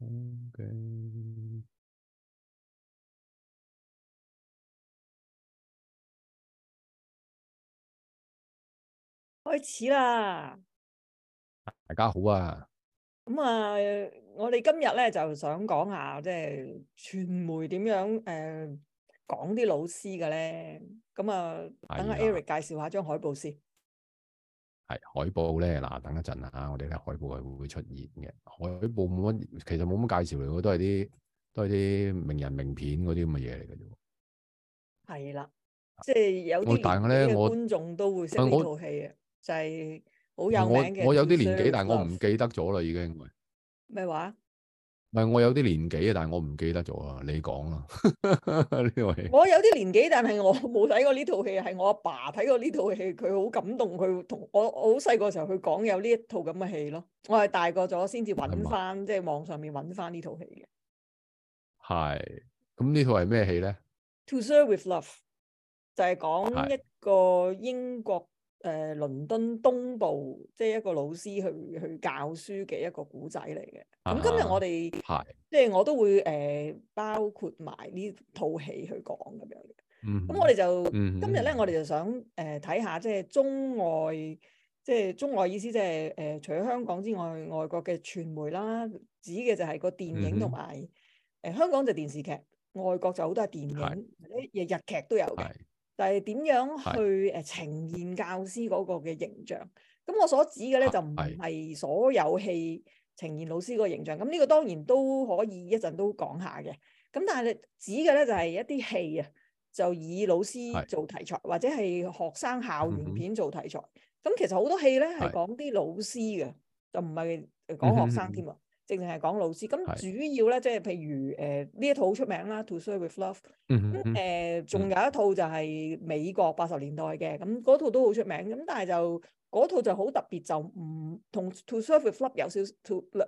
好 Okay. 開始啦！大家好啊，咁啊，我哋今日咧就想講下，即係傳媒點樣誒講啲老師嘅咧，咁啊，等阿 Eric 介紹下張海報先。哎係海報咧嗱，等一陣啊。吓，我哋咧海報係會唔會出現嘅。海報冇乜，其實冇乜介紹嚟嘅，都係啲都係啲名人名片嗰啲咁嘅嘢嚟嘅啫。係啦，即係有啲嘅觀眾都會識呢套戲嘅，我就係好有名嘅我我，我有啲年紀，但係我唔記得咗啦，已經了了。咩話？唔係我有啲年紀啊，但係我唔記得咗啦。你講啦呢套戲。 戲我有啲年紀，但係我冇睇過呢套戲，係我阿爸睇過呢套戲，佢好感動，佢同我我好細個時候佢講有呢一套咁嘅戲咯。我係大個咗先至揾翻，即係嗎網上面揾翻呢套戲嘅。係，咁呢套係咩戲咧？To Sir with Love 就係講一個英國。誒，倫、呃、敦東部，即係一個老師去去教書嘅一個古仔嚟嘅。咁、嗯、今日我哋、uh huh. 即係我都會誒、呃，包括埋、嗯 uh huh. 呢套戲去講咁樣。咁我哋就今日咧，我哋就想誒睇下，即係中外，即係中外意思即係誒，除咗香港之外，外國嘅傳媒啦，指嘅就係個電影同埋誒香港就電視劇，外國就好多係電影，日、uh huh. 日劇都有嘅。Uh 但係點樣去誒呈現教師嗰個嘅形象？咁我所指嘅咧就唔係所有戲呈現老師個形象。咁呢個當然都可以一陣都講下嘅。咁但係你指嘅咧就係、是、一啲戲啊，就以老師做題材，是或者係學生校園片做題材。咁、嗯、哼其實好多戲咧係講啲老師嘅，是就唔係講學生添啊。嗯正正淨係講老師咁主要咧，即係譬如誒呢、呃、一套好出名啦，《To Serve With Love》咁誒、嗯，仲、呃、有一套就係美國八十年代嘅，咁嗰套都好出名。咁但係就嗰套就好特別，就唔同《To Serve With Love 有》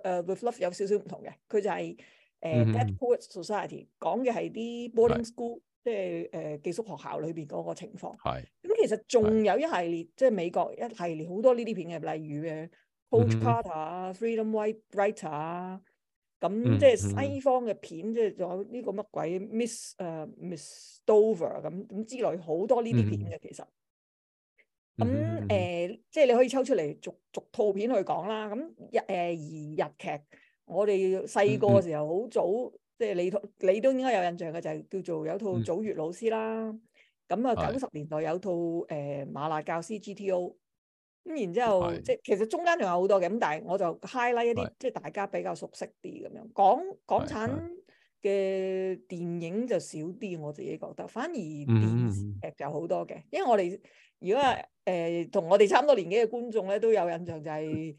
uh, with love 有少少《To、就是》誒、呃《With Love、嗯哼》有少少唔同嘅。佢就係誒《Dead Poets Society》school, 是，講嘅係啲 boarding school，即係誒寄宿學校裏邊嗰個情況。係咁是、嗯，其實仲有一系列，即係是美國一系列好多呢啲片嘅，例如嘅。Coach Carter 啊，Freedom White Writer 啊，咁即係西方嘅片，即係仲有呢個乜鬼 Miss 誒、uh, Miss Dover 咁咁之類，好多呢啲片嘅其實。咁誒、嗯嗯嗯呃，即係你可以抽出嚟逐逐套片去講啦。咁日誒而日劇，我哋細個嘅時候好早，嗯嗯、即係你你都應該有印象嘅，就係、是、叫做有套早月老師啦。咁啊、嗯，九、嗯、十年代有套誒、呃、麻辣教師 GTO。咁然之後，是即係其實中間仲有好多嘅，咁但係我就 highlight 一啲是即係大家比較熟悉啲咁樣。港港產嘅電影就少啲，我自己覺得，反而電視劇就好多嘅。嗯、因為我哋如果係誒同我哋差唔多年紀嘅觀眾咧，都有印象就係、是、誒、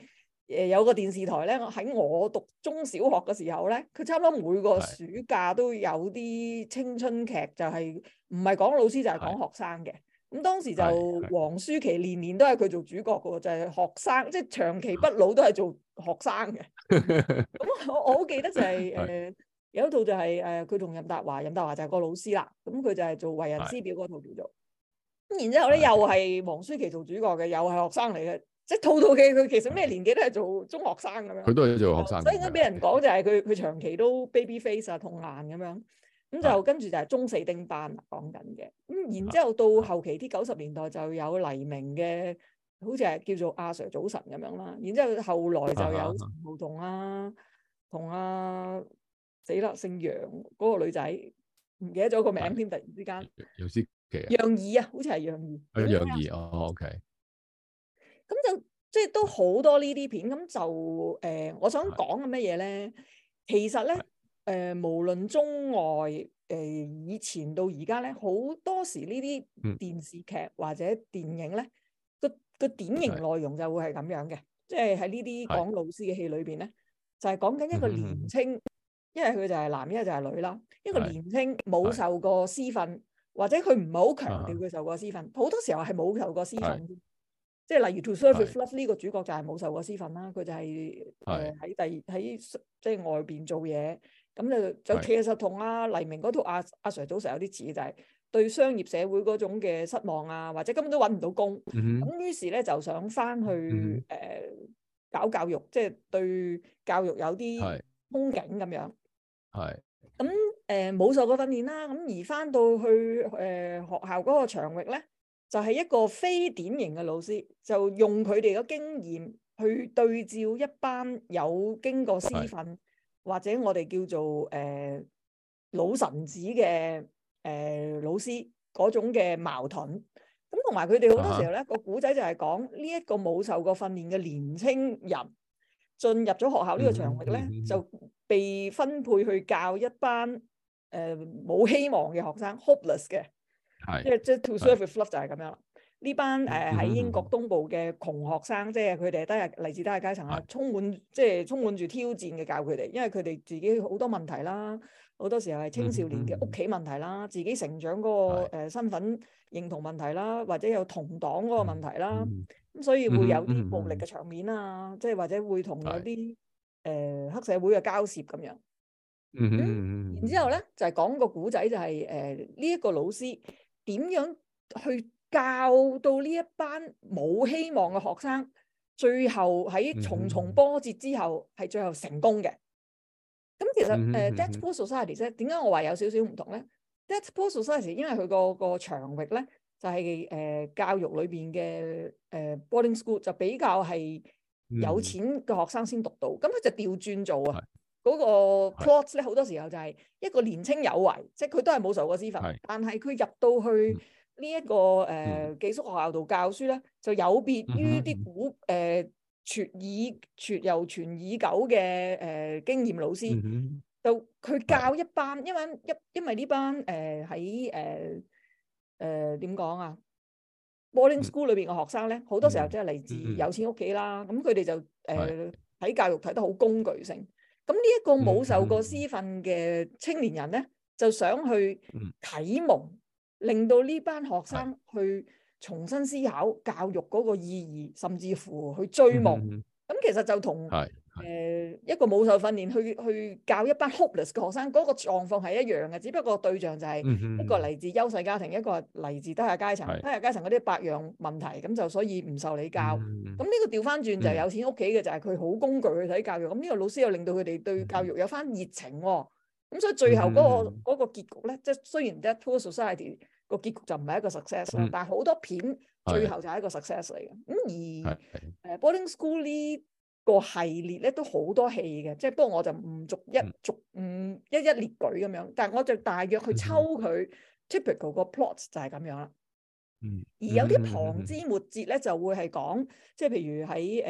呃、有個電視台咧，喺我讀中小學嘅時候咧，佢差唔多每個暑假都有啲青春劇，就係唔係講老師就係、是、講學生嘅。咁當時就黃舒淇年年都係佢做主角嘅，就係、是、學生，即係長期不老都係做學生嘅。咁、 嗯、我我好記得就係、是、誒、 呃、有一套就係誒佢同任達華，任達華就係個老師啦。咁、嗯、佢就係做為人師表嗰套叫做。咁 然之後咧，又係黃舒淇做主角嘅，又係學生嚟嘅，即係套套嘅。佢其實咩年紀都係做中學生咁樣。佢 都係做學生。所以啱啱俾人講就係佢佢長期都 baby face 啊，童顏咁樣。咁就跟住就係中四丁班啦，講緊嘅。咁然之後到後期啲九十年代就有黎明嘅，好似係叫做阿 Sir 早晨咁樣啦。然之後後來就有胡同啊，同阿、啊、死啦姓楊嗰、那個女仔，唔記得咗個名添。突然之間，楊思琪，楊怡啊，好似係楊怡。啊，楊、嗯、哦 OK，咁就即係都好多呢啲片，咁就誒、呃，我想講嘅乜嘢咧？的其實咧。誒無論中外，誒以前到而家咧，好多時呢啲電視劇或者電影咧，個個典型內容就會係咁樣嘅，即係喺呢啲講老師嘅戲裏邊咧，就係講緊一個年輕，一係佢就係男，一係就係女啦。一個年輕冇受過師訓，或者佢唔係好強調佢受過師訓，好多時候係冇受過師訓嘅。即係例如《To Sir, with Love》呢個主角就係冇受過師訓啦，佢就係誒喺第喺即係外邊做嘢。咁就就其實同阿、啊、黎明嗰套阿、啊、阿、啊、Sir 早上有啲似，就係、是、對商業社會嗰種嘅失望啊，或者根本都揾唔到工。咁、嗯、哼於是咧就想翻去誒、嗯哼呃、搞教育，即係對教育有啲憧憬咁樣。係、嗯哼。咁誒冇受過訓練啦，咁而翻到去誒、呃、學校嗰個場域咧，就係、是、一個非典型嘅老師，就用佢哋嘅經驗去對照一班有經過師訓、嗯哼。嗯或者我哋叫做誒、呃、老臣子嘅誒、呃、老師嗰種嘅矛盾，咁同埋佢哋好多時候咧，uh huh. 個古仔就係講呢一個冇受過訓練嘅年青人進入咗學校呢個場域咧，uh huh. 就被分配去教一班誒冇希望嘅學生，hopeless 嘅，係，即係即係 To Sir, with Love 就係咁樣啦。呢班誒喺英國東部嘅窮學生，即係佢哋係低嚟自低下階層啊，充滿明即係充滿住挑戰嘅教佢哋，因為佢哋自己好多問題啦，好多時候係青少年嘅屋企問題啦，自己成長嗰、嗰個、呃、身份認同問題啦，或者有同黨嗰個問題啦，咁所以會有啲暴力嘅場面啊，明即係或者會同有啲誒明、呃、黑社會嘅交涉咁樣。嗯哼，明明然之後咧就係講個古仔，就係誒呢一個、就係呃這個老師點樣去。教到呢一班冇希望嘅學生，最後喺重重波折之後，係、mm hmm. 最後成功嘅。咁其實誒，Dead Poets Society 咧，點解我話有少少唔同咧 Dead Poets Society，因為佢個個場域咧，就係、是、誒、呃、教育裏邊嘅誒、呃、boarding school 就比較係有錢嘅學生先讀到，咁佢、mm hmm. 就調轉做啊。嗰、mm hmm. 個 plot 咧，好、mm hmm. 多時候就係一個年青有為，即係佢都係冇受過私塾，但係佢入到去。Hmm. Mm hmm. 呢一、這個誒寄宿學校度教書咧，就有別於啲古誒傳、呃、以傳又傳已久嘅誒、呃、經驗老師，就佢教一班，嗯嗯、因為一因為呢班誒喺誒誒點講啊，boarding school 裏邊嘅學生咧，好多時候即係嚟自有錢屋企啦，咁佢哋就誒喺、呃嗯、教育睇得好工具性，咁呢一個冇受過師訓嘅青年人咧，就想去啟蒙、嗯。嗯嗯令到呢班學生去重新思考教育嗰個意義，甚至乎去追夢。咁、嗯嗯嗯、其實就同誒、嗯呃、一個武術訓練去去教一班 hopeless 嘅學生嗰、嗰個狀況係一樣嘅，只不過對象就係一個嚟自優勢家庭，一個嚟自低下階層，嗯、低下階層嗰啲百樣問題，咁就所以唔受你教。咁呢、嗯嗯、個調翻轉就係、有錢屋企嘅，就係佢好工具去睇教育。咁呢個老師又令到佢哋對教育有翻熱情喎、哦。咁所以最後嗰個嗰個結局咧，即係雖然 Dead Poets Society 個結局就唔係一個 success 啦，但係好多片最後就係一個 success 嚟嘅。咁而誒 Boarding School 呢個系列咧都好多戲嘅，即係不過我就唔逐一逐嗯一一列舉咁樣，但係我就大約去抽佢 typical 個 plot 就係咁樣啦。嗯，而有啲旁枝末節咧就會係講，即係譬如喺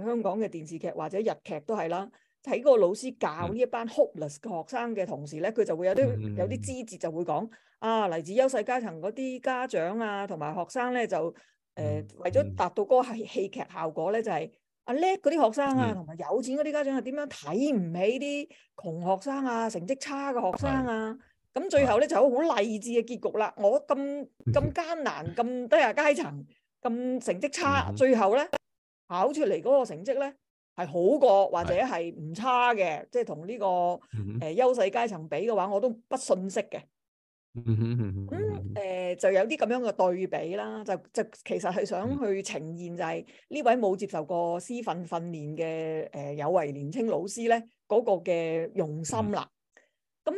誒香港嘅電視劇或者日劇都係啦。睇個老師教呢一班 hopeless 嘅學生嘅同時咧，佢就會有啲有啲枝節就會講啊，嚟自優勢階層嗰啲家長啊，同埋學生咧就誒、呃、為咗達到嗰個戲劇效果咧，就係、是嗯、啊叻嗰啲學生啊，同埋有錢嗰啲家長係點樣睇唔起啲窮學生啊，成績差嘅學生啊，咁的最後咧就有好勵志嘅結局啦！我咁咁的艱難、咁的低下階層、咁成績差，的最後咧考出嚟嗰個成績咧～係好過或者係唔差嘅，的即係同呢個誒優勢階層比嘅話，我都不遜色嘅，嗯。嗯咁誒、呃、就有啲咁樣嘅對比啦，就就其實係想去呈現就係呢位冇接受過師訓訓練嘅誒有為年青老師咧，嗰、那個嘅用心啦。咁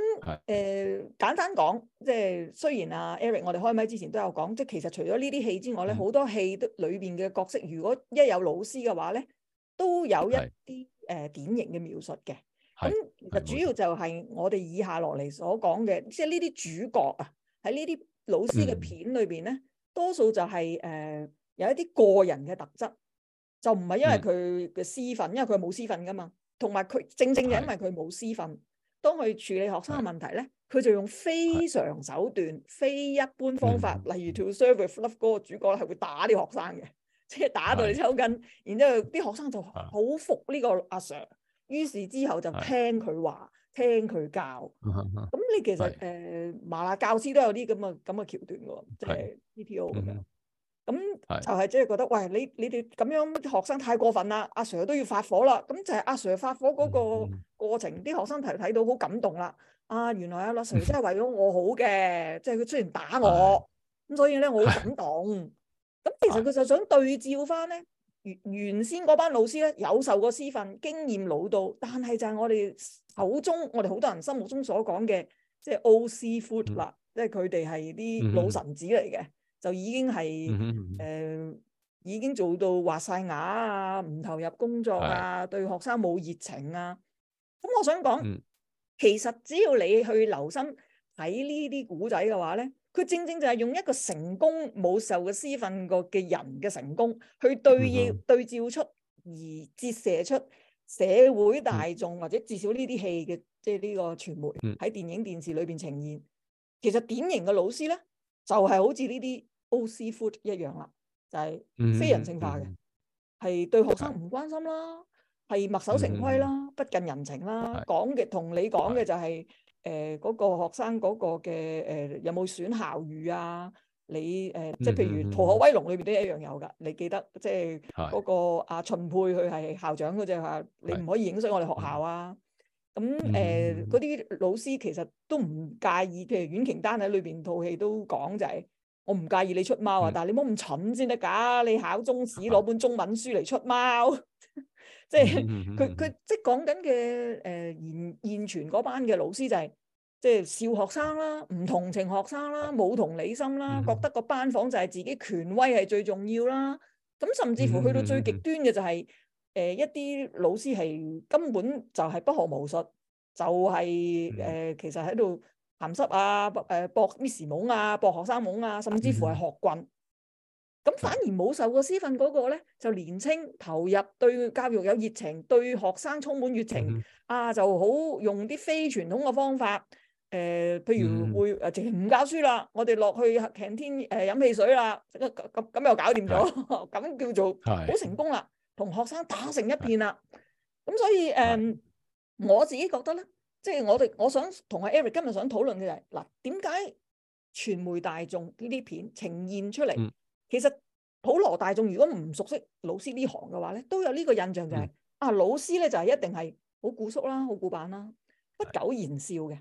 誒簡單講，即係雖然啊 Eric，我哋開咪之前都有講，即係其實除咗呢啲戲之外咧，好、嗯、多戲都裏邊嘅角色，如果一有老師嘅話咧。都有一啲誒典型嘅描述嘅，咁其實主要就係我哋以下落嚟所講嘅，即係呢啲主角啊，喺呢啲老師嘅片裏邊咧，多數就係誒有一啲個人嘅特質，就唔係因為佢嘅私憤，因為佢係冇私憤㗎嘛，同埋佢正正就因為佢冇私憤，當佢處理學生嘅問題咧，佢就用非常手段、非一般方法，例如《To Serve With Love》嗰個主角咧，係會打啲學生嘅。即係打到你抽筋，然之後啲學生就好服呢個阿 Sir，於是之後就聽佢話，聽佢教。咁你其實誒，麻辣教師都有啲咁嘅咁嘅橋段嘅，即係 GTO 咁樣。咁就係即係覺得，喂，你你哋咁樣啲學生太過分啦，阿 Sir 都要發火啦。咁就係阿 Sir 發火嗰個過程，啲學生睇睇到好感動啦。啊，原來阿 Sir 真係為咗我好嘅，即係佢雖然打我，咁所以咧我好感動。咁其實佢就想對照返咧，原原先嗰班老師咧有受過師訓，經驗老到，但係就係我哋口中，我哋好多人心目中所講嘅，就是嗯、即係老屎忽啦，即係佢哋係啲老臣子嚟嘅，嗯、就已經係誒、嗯呃、已經做到滑晒牙啊，唔投入工作啊，嗯、對學生冇熱情啊。咁我想講，嗯、其實只要你去留心睇呢啲古仔嘅話咧。佢正正就係用一個成功冇受過師訓嘅人嘅成功，去對映對照出而折射出社會大眾或者至少呢啲戲嘅即係呢個傳媒喺電影電視裏邊呈現。其實典型嘅老師咧，就係、是、好似呢啲 O.C.Foot 一樣啦，就係、是、非人性化嘅，係、嗯嗯嗯、對學生唔關心啦，係墨、嗯、守成規啦，嗯嗯、不近人情啦，講嘅同你講嘅就係、是。誒嗰、呃那個學生嗰個嘅、誒、呃、有冇選校語啊？你誒、呃、即係譬如《逃學威龍》裏邊都一樣有㗎。你記得即係嗰是、那個阿、啊、秦沛佢係校長嗰隻，是你唔可以影衰我哋學校啊。咁誒嗰啲老師其實都唔介意。譬如《婉瓊丹》喺裏邊套戲都講就係、是，我唔介意你出貓啊，是但係你唔好咁蠢先得㗎。你考中史攞本中文書嚟出貓。即係佢佢即係講緊嘅誒現現存嗰班嘅老師就係、是、即係笑學生啦，唔同情學生啦，冇同理心啦，覺得個班房就係自己權威係最重要啦。咁甚至乎去到最極端嘅就係、是、誒、呃、一啲老師係根本就係不學無術，就係、是、誒、呃、其實喺度鹹濕啊，誒搏 Miss 懵啊，搏學生懵啊，甚至乎係學棍。咁反而冇受過師訓嗰個咧，就年青投入，對教育有熱情，對學生充滿熱情、嗯、啊！就好用啲非傳統嘅方法，誒、呃，譬如會誒，嗯、直情唔教書啦，我哋落去擎天誒飲汽水啦，咁咁又搞掂咗，咁是叫做好成功啦，同是學生打成一片啦。咁是所以誒，嗯、是我自己覺得咧，即、就、係、是、我哋我想同阿 Eric 今日想討論嘅就係嗱，點解傳媒大眾呢啲片呈現出嚟、嗯？其實普羅大眾如果唔熟悉老師呢行嘅話咧，都有呢個印象就係、是嗯、啊，老師咧就係、是、一定係好古縮啦，好古板啦，不苟言笑嘅，誒、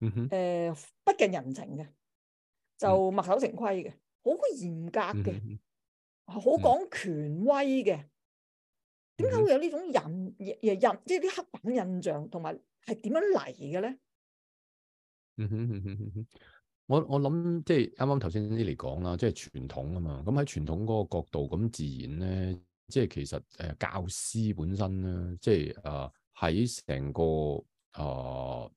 嗯呃，不近人情嘅，就墨守成規嘅，好嚴格嘅，好、嗯嗯、講權威嘅。點解、嗯嗯、會有呢種人誒印即係啲刻板印象同埋係點樣嚟嘅咧？我我諗即係啱啱頭先啲嚟講啦，即係傳統啊嘛。咁喺傳統嗰個角度，咁自然咧，即係其實誒、呃，教師本身咧，即係誒喺成個誒、呃，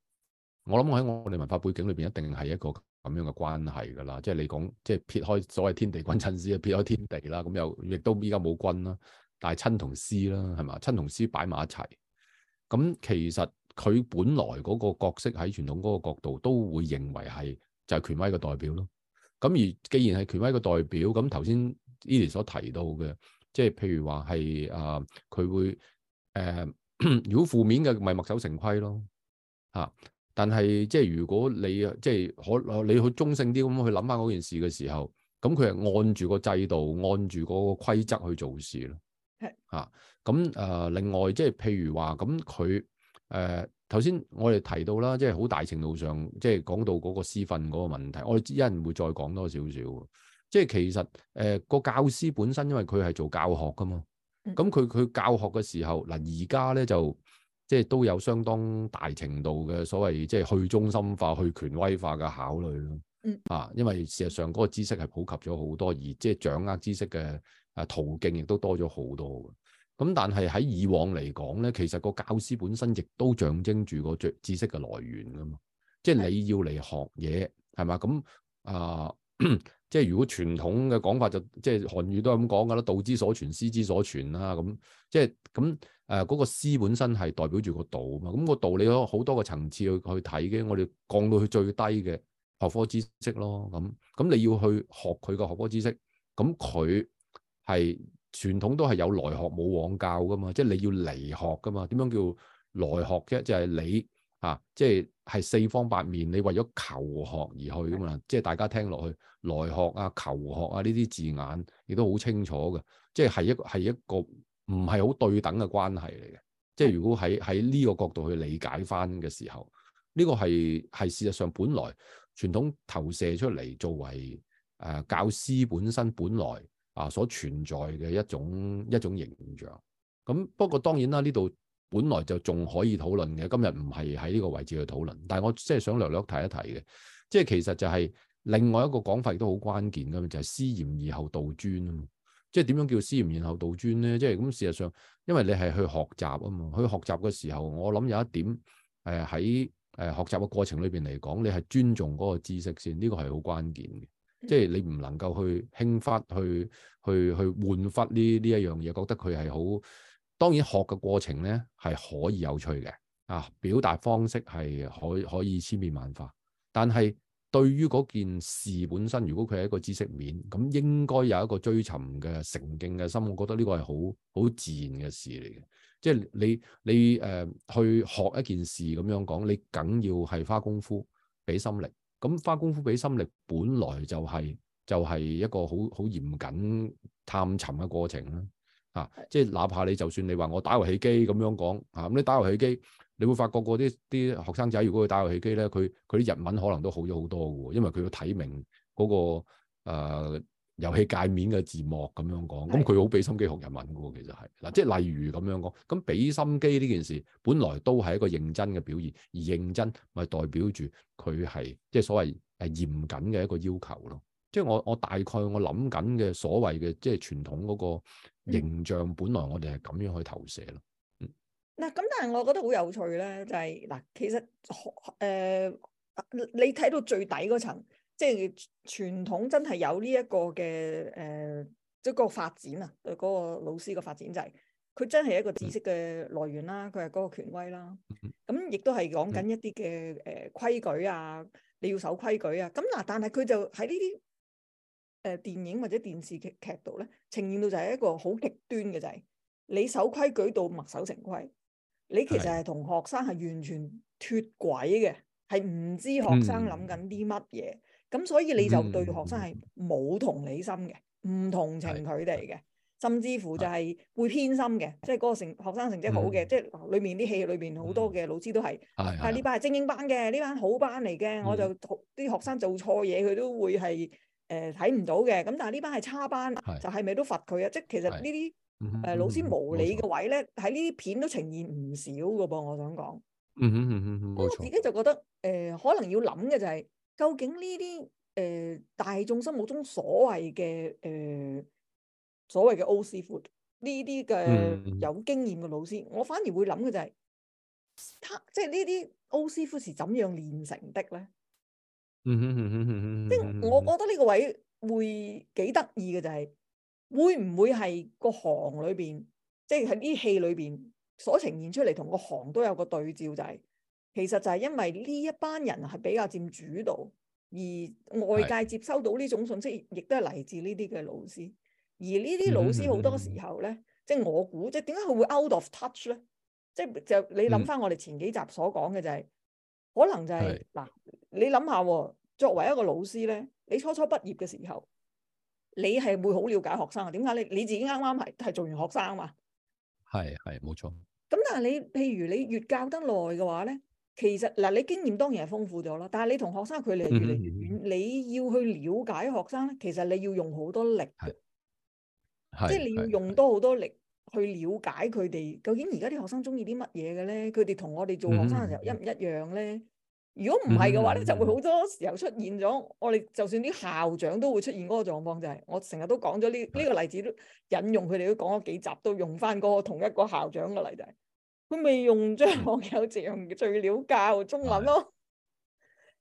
我諗喺我哋文化背景裏邊，一定係一個咁樣嘅關係噶啦。即係你講，即係撇開所謂天地君親師，撇開天地啦，咁又亦都依家冇君啦，但係親同師啦，係嘛？親同師擺埋一齊，咁其實佢本來嗰個角色喺傳統嗰個角度都會認為係。就係權威嘅代表咯。咁而既然係權威嘅代表，咁頭先 Eddie 所提到嘅，即係譬如話係啊，佢、呃、會誒，如、呃、果 負面嘅咪墨守成規咯嚇、啊。但係即係如果你即係可，你去中性啲咁去諗返嗰件事嘅時候，咁佢係按住個制度，按住嗰個規則去做事咯。係咁誒，另外即係譬如話，咁佢誒。呃頭先我哋提到啦，即係好大程度上，即係講到嗰個師訓嗰個問題，我哋一人會再講多少少。即係其實誒個教師本身，因為佢係做教學噶嘛，咁佢佢教學嘅時候，嗱而家咧就即係都有相當大程度嘅所謂即係去中心化、去權威化嘅考慮咯。啊，因為事實上嗰個知識係普及咗好多，而即係掌握知識嘅啊途徑亦都多咗好多咁但係喺以往嚟講咧，其實個教師本身亦都象徵住個最知識嘅來源噶嘛，即係你要嚟學嘢係嘛？咁啊、呃，即係如果傳統嘅講法就即係韓語都係咁講噶啦，道之所傳，師之所傳啦咁，即係咁誒嗰個師本身係代表住個道啊嘛。咁、嗰個道理可好多個層次去去睇嘅。我哋降到去最低嘅學科知識咯，咁咁你要去學佢個學科知識，咁佢係。傳統都係有來學冇往教噶嘛，即係你要嚟學噶嘛。點樣叫來學啫？就係你啊，即係係四方八面，你為咗求學而去噶嘛。即係大家聽落去，來學啊、求學啊呢啲字眼，亦都好清楚嘅。即係係一個係一個唔係好對等嘅關係嚟嘅。即係如果喺喺呢個角度去理解翻嘅時候，呢、呢個係係事實上，本來傳統投射出嚟作為誒、呃、教師本身本來。啊！所存在嘅一種一種形象咁，不過當然啦，呢度本來就仲可以討論嘅。今日唔係喺呢個位置去討論，但係我即係想略略提一提嘅。即係其實就係另外一個講法亦都好關鍵嘅，就係師嚴而後道尊。即係點樣叫師嚴而後道尊咧？即係咁事實上，因為你係去學習啊嘛。去學習嘅時候，我諗有一點誒喺誒學習嘅過程裏邊嚟講，你係尊重嗰個知識先，呢個係好關鍵嘅。即係你唔能夠去輕忽，去去去換忽呢呢一樣嘢，覺得佢係好。當然學嘅過程咧係可以有趣嘅，啊，表達方式係可以可以千變萬化。但係對於嗰件事本身，如果佢係一個知識面，咁應該有一個追尋嘅誠敬嘅心，我覺得呢個係好好自然嘅事嚟嘅。即係你你誒、呃、去學一件事咁樣講，你梗要係花功夫俾心力。咁花功夫俾心力，本來就係一個好好嚴謹探尋嘅過程啦。啊，即係哪怕你就算你話我打遊戲機咁樣講，啊，咁你打遊戲機，你會發覺嗰啲啲學生仔，如果佢打遊戲機咧，佢佢啲日文可能都好咗好多嘅，因為佢要睇明嗰個，呃遊戲界面嘅字幕咁樣講，咁佢好俾心機學日文嘅喎，其實係嗱，即係例如咁樣講，咁俾心機呢件事，本來都係一個認真嘅表現，而認真咪代表住佢係即係所謂誒嚴謹嘅一個要求咯。即係我我大概我諗緊嘅所謂嘅即係傳統嗰個形象，本來我哋係咁樣去投射咯。嗱、嗯，咁但係我覺得好有趣咧，就係、是、嗱，其實學、呃、你睇到最底嗰層。即係傳統真係有呢一個嘅誒，即係嗰個發展啊，嗰個老師個發展就係佢真係一個知識嘅來源啦，佢係嗰個權威啦。咁亦都係講緊一啲嘅誒規矩啊，你要守規矩啊。咁嗱，但係佢就喺呢啲誒電影或者電視劇劇度咧，呈現到就係一個好極端嘅就係、是、你守規矩到墨守成規，你其實係同學生係完全脫軌嘅，係唔知學生諗緊啲乜嘢。嗯咁所以你就對學生係冇同理心嘅，唔 寶 crow nt ad 同情佢哋嘅，甚至乎就係會偏心嘅，即係嗰個成寶蕉學生成績好嘅，即係裏面啲戲裏面好多嘅寶寶老師都係，啊呢班係精英班嘅，呢寶班 constructed administration 寶寶寶寶好班嚟嘅，我就啲學生做錯嘢佢都會係誒睇唔到嘅。咁但係呢班係差班，就係咪都罰佢啊？即係其實呢啲誒老師無理嘅位咧，喺呢啲片都呈現唔少㗎噃。我想講，嗯哼嗯哼嗯，冇錯。我自己就覺得誒、呃，可能要諗嘅就係、是。究竟呢啲誒大眾心目中所謂嘅誒、呃、所謂嘅 old seafood 呢啲嘅有經驗嘅老師，我反而會諗嘅就係、是，即係呢啲 old seafood 是怎樣練成的咧？嗯哼哼哼哼哼！即係我覺得呢個位會幾得意嘅就係、是，會唔會係個行裏邊，即係喺啲戲裏邊所呈現出嚟同個行都有個對照就係、是。其實就係因為呢一班人係比較佔主導，而外界接收到呢種信息，亦是都係嚟自呢啲嘅老師。而呢啲老師好多時候咧、嗯嗯嗯嗯，即係我估，即係點解佢會 out of touch 咧？即係就你諗翻我哋前幾集所講嘅就係、是，嗯、可能就係、是、嗱是，你諗下作為一個老師咧，你初初畢業嘅時候，你係會好了解學生啊？點解你你自己啱啱係係做完學生嘛？係係冇錯。咁但係你譬如你越教得耐嘅話咧？其實嗱，你經驗當然係豐富咗咯，但係你同學生嘅距離越嚟越遠，嗯、你要去了解學生咧，其實你要用好多力，即係你要用多好多力去了解佢哋。究竟而家啲學生中意啲乜嘢嘅咧？佢哋同我哋做學生嘅時候一唔一樣咧？嗯、如果唔係嘅話咧，嗯、就會好多時候出現咗、嗯、我哋，就算啲校長都會出現嗰個狀況、就係，就係我成日都講咗呢呢個例子都引用佢哋都講咗幾集，都用翻嗰個同一個校長嘅例子、就係。佢咪用張學友借用嘅最料教中文咯。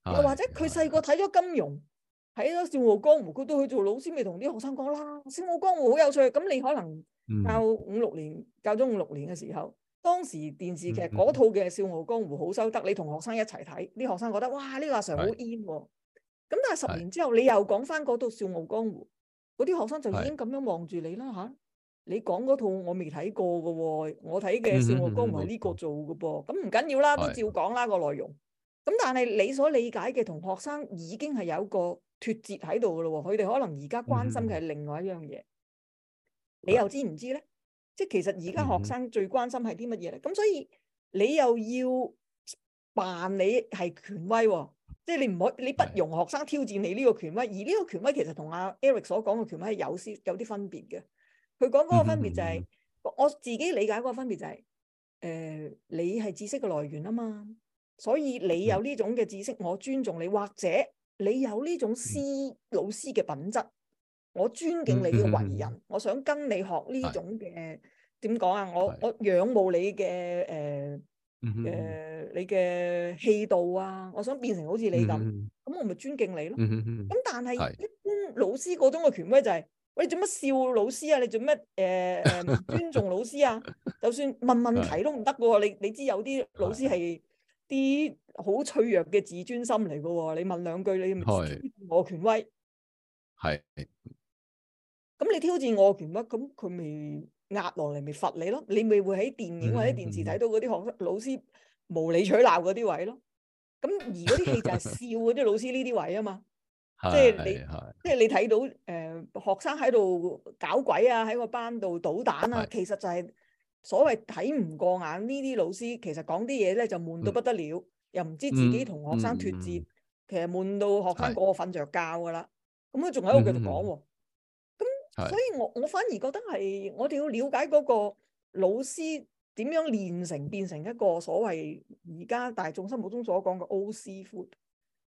的又或者佢細個睇咗金融，睇咗《笑傲江湖》，佢都去做老師，咪同啲學生講啦，《笑傲江湖》好有趣。咁你可能教五六年，嗯、教咗五六年嘅時候，當時電視劇嗰、嗯、套嘅《笑傲江湖》好收得，你同學生一齊睇，啲學生覺得哇呢個阿 Sir 好煙喎。咁、這個啊、的但係十年之後，你又講翻嗰套《笑傲江湖》，嗰啲學生就已經咁樣望住你啦吓。的你講嗰套我未睇過嘅喎，我睇嘅《笑傲江湖》唔係呢個做嘅噃，咁唔 緊要啦，都照講啦個內容。咁是但係你所理解嘅同學生已經係有一個脱節喺度嘅咯喎，佢哋可能而家關心嘅係另外一樣嘢。嗯、你又知唔知咧？嗯、即係其實而家學生最關心係啲乜嘢咧？咁、嗯、所以你又要扮你係權威喎、哦，即係你唔可，你不容學生挑戰你呢個權威。是而呢個權威其實同阿 Eric 所講嘅權威係有啲有啲分別嘅。佢講嗰個分別就係、是，我自己理解嗰個分別就係、是，誒、呃，你係知識嘅來源啊嘛，所以你有呢種嘅知識，我尊重你；或者你有呢種師、嗯、老師嘅品質，我尊敬你嘅為人，嗯、我想跟你學呢種嘅，點講是啊？我是我仰慕你嘅誒誒，你嘅氣度啊，我想變成好似你咁，咁、嗯、我咪尊敬你咯。咁但係一般老師嗰種嘅權威就係、是。喂，你做乜笑老師啊？你做乜誒誒尊重老師啊？就算問問題都唔得嘅喎。你你知有啲老師係啲好脆弱嘅自尊心嚟嘅喎。 你問兩句，你咪挑戰我權威。係。咁你挑戰我權威，咁佢咪壓落嚟咪罰你咯？你咪會喺電影或者電視睇到嗰啲學生 老師無理取鬧嗰啲位咯。咁而嗰啲戲就係笑嗰啲老師呢啲位啊嘛。即係你，是是是即係你睇到誒、呃，學生喺度搞鬼啊，喺個班度搗蛋啊，是是其實就係所謂睇唔過眼呢啲老師，其實講啲嘢咧就悶到不得了，嗯、又唔知自己同學生脫節，嗯、其實悶到學生過瞓着覺噶啦，咁佢仲喺度繼續講喎。咁、嗯嗯、所以我我反而覺得係我哋要了解嗰個老師點樣練成變成一個所謂而家大眾心目中所講嘅 O.C. food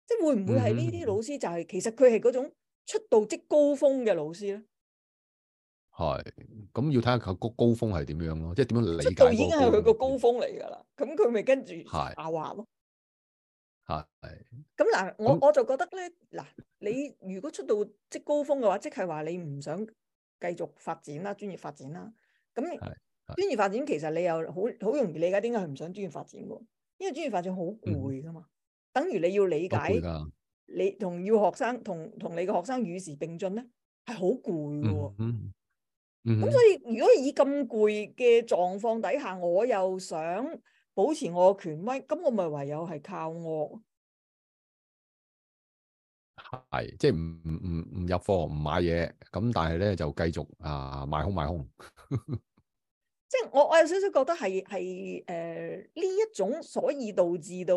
即係會唔會係呢啲老師就係、是嗯、其實佢係嗰種出道即高峰嘅老師咧？係，咁要睇下佢個高峰係點樣咯，即係點樣理解？出道已經係佢個高峰嚟噶啦，咁佢咪跟住下滑咯？係係。咁嗱，我我就覺得咧，嗱、嗯，你如果出道即高峰嘅話，即係話你唔想繼續發展啦，專業發展啦。咁專業發展其實你又好好容易理解，點解佢唔想專業發展嘅？因為專業發展好攰噶嘛。嗯等於你要理解你同要學生同同你個學生與時並進咧，係好攰嘅。嗯，嗯，咁所以如果以咁攰嘅狀況底下，我又想保持我嘅權威，咁我咪唯有係靠惡。係即係唔唔唔唔入貨唔買嘢，咁但係咧就繼續啊賣空賣空。即係我，我有少少覺得係係誒呢一種，所以導致到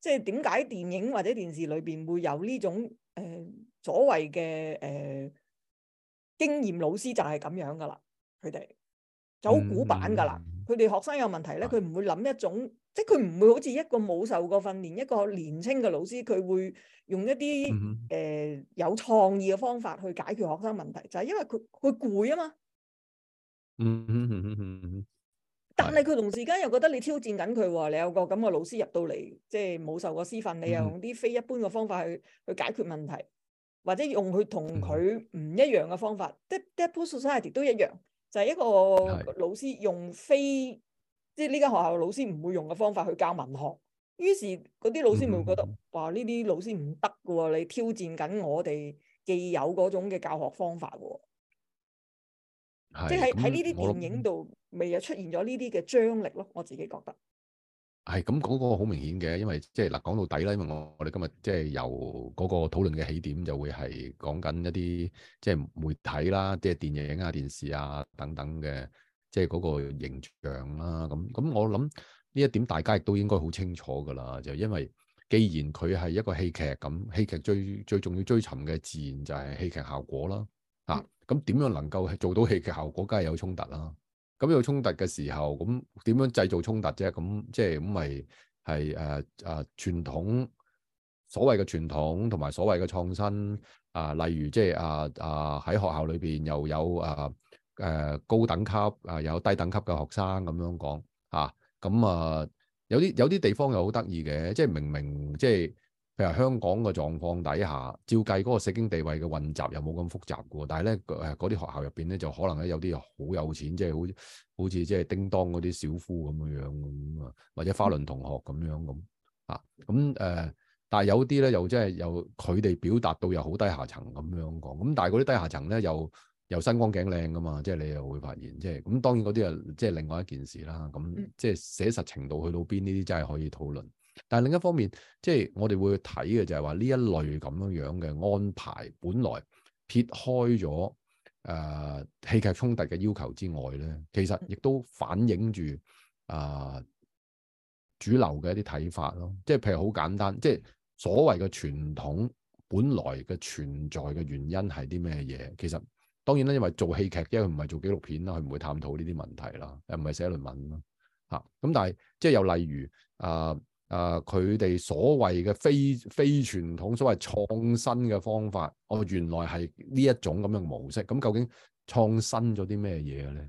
即係點解電影或者電視裏邊會有呢種誒、呃、所謂嘅誒經驗老師就係咁樣噶啦，佢哋就好古板噶啦。佢哋、嗯、學生有問題咧，佢唔的會諗一種，即係佢唔會好似一個冇受過訓練、一個年輕嘅老師，佢會用一啲誒、嗯哼呃、有創意嘅方法去解決學生問題。就係、是、因為佢佢攰啊嘛。嗯嗯嗯嗯嗯但係佢同時間又覺得你挑戰緊佢喎，的你有個咁嘅老師入到嚟，即係冇受過師訓，你又用啲非一般嘅方法去、嗯、去解決問題，或者用佢同佢唔一樣嘅方法，嗯、即係 Dead Poets Society 都一樣，就係、是、一個老師用非的即係呢間學校老師唔會用嘅方法去教文學，於是嗰啲老師咪會覺得，嗯、哇，呢啲老師唔得嘅喎，你挑戰緊我哋既有嗰種嘅教學方法喎。即係喺呢啲電影度認，咪又出現咗呢啲嘅張力咯。我自己覺得係咁嗰個好明顯嘅，因為即係嗱講到底啦，因為我我哋今日即係由嗰個討論嘅起點就講，就會係講緊一啲即係媒體啦，即係電影啊、電視啊等等嘅，即係嗰個形象啦。咁咁我諗呢一點，大家亦都應該好清楚噶啦。就因為既然佢係一個戲劇咁，戲劇最最重要追尋嘅，自然就係戲劇效果啦。啊，咁點樣能夠做到戲嘅效果，梗係有衝突啦。咁有衝突嘅時候，咁點樣製造衝突啫？咁即係咁咪係誒誒傳統所謂嘅傳統，同埋所謂嘅創新啊。例如即係啊啊喺學校裏邊又有誒誒、啊啊、高等級啊，又有低等級嘅學生咁樣講啊。咁啊有啲有啲地方又好得意嘅，即係明明即係，就是譬如香港嘅狀況底下，照計嗰個社經地位嘅混雜又冇咁複雜嘅喎，但係咧誒嗰啲學校入邊咧就可能咧有啲好有錢，即係好好似即係叮當嗰啲小夫咁樣咁啊，或者花輪同學咁樣咁啊，咁誒、呃，但係有啲咧又即係又佢哋表達到又好低下層咁樣講，咁但係嗰啲低下層咧又又新光鏡靚噶嘛，即係你又會發現即係咁，即係當然嗰啲啊即係另外一件事啦，咁即係寫實程度去到邊呢啲真係可以討論。但係另一方面，即係我哋會睇嘅就係話呢一類咁樣樣嘅安排，本來撇開咗誒戲劇衝突嘅要求之外咧，其實亦都反映住誒、呃、主流嘅一啲睇法咯。即係譬如好簡單，即係所謂嘅傳統本來嘅存在嘅原因係啲咩嘢？其實當然啦，因為做戲劇，因為佢唔係做紀錄片啦，佢唔會探討呢啲問題啦，誒唔係寫論文啦吓。咁、啊、但係即係又例如誒。呃啊！佢哋所謂嘅非非傳統所謂創新嘅方法，哦，原來係呢一種咁樣模式。咁究竟創新咗啲咩嘢咧？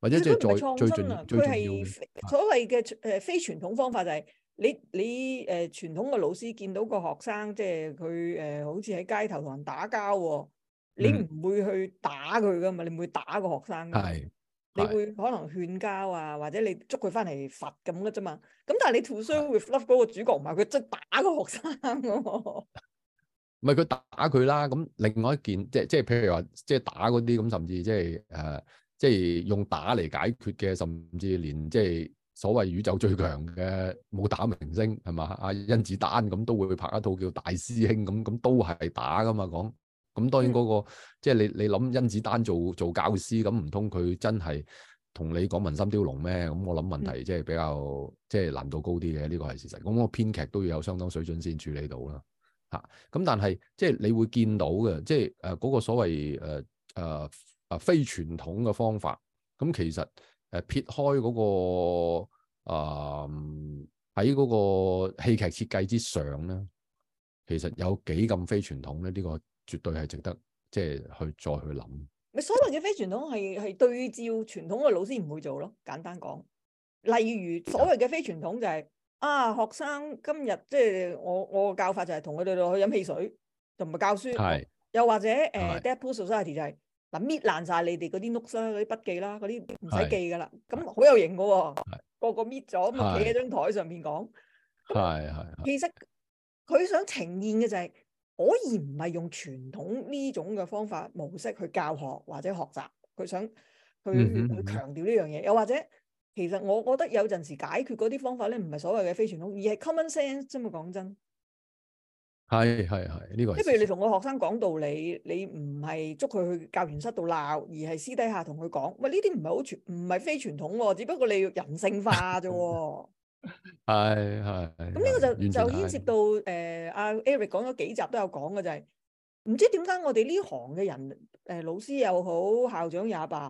或者即係再創新啊？佢係所謂嘅誒非傳統方法就係、是、你你誒傳、呃、統嘅老師見到個學生即係佢誒好似喺街頭同人打交喎，你唔會去打佢噶嘛？你唔會打個學生。你會可能勸交啊，或者你捉佢翻嚟罰咁嘅啫嘛。咁但係你《To Sir With Love》嗰個主角唔係佢即係打個學生，唔係佢打佢啦。咁另外一件即係即係譬如話即係打嗰啲咁，甚至即係誒、呃，即係用打嚟解決嘅，甚至連即係所謂宇宙最強嘅武打明星係嘛，阿甄子丹咁都會拍一套叫《大師兄》咁，咁都係打噶嘛講。咁當然嗰、那個、嗯、即係你你諗甄子丹做做教師咁唔通佢真係同你講《文心雕龍》咩？咁我諗問題即係比較、嗯、即係難度高啲嘅，呢、這個係事實。咁個編劇都要有相當水準先處理到啦嚇。咁、啊、但係即係你會見到嘅，即係誒嗰個所謂誒誒誒非傳統嘅方法。咁其實誒、呃、撇開嗰、那個喺嗰、呃、個戲劇設計之上咧，其實有幾咁非傳統咧？呢、這個絕對係值得，即係去再去諗。咪所謂嘅非傳統係係對照傳統嘅老師唔會做咯，簡單講。例如所謂嘅非傳統就係啊，學生今日即係我我嘅教法就係同佢哋落去飲汽水，同唔教書。係又或者誒 Dead Poets Society 就係嗱搣爛晒你哋嗰啲 note 啦、嗰啲筆記啦、嗰啲唔使記噶啦，咁好有型噶喎，個個搣咗咪企喺張台上面講。係係，其實佢想呈現嘅就係。可以唔係用傳統呢種嘅方法模式去教學或者學習，佢想去去強調呢樣嘢，嗯嗯嗯，又或者其實我覺得有陣時解決嗰啲方法咧，唔係所謂嘅非傳統，而係 common sense 啫嘛。講真，係係係呢個。即係譬如你同個學生講道理，你唔係捉佢去教員室度鬧，而係私底下同佢講。喂，呢啲唔係好傳，唔係非傳統喎。只不過你要人性化啫喎。 係係咁呢個就就牽涉到誒，阿、呃啊、Eric 講咗幾集都有講嘅就係、是、唔知點解我哋呢行嘅人誒、呃，老師又好，校長也罷，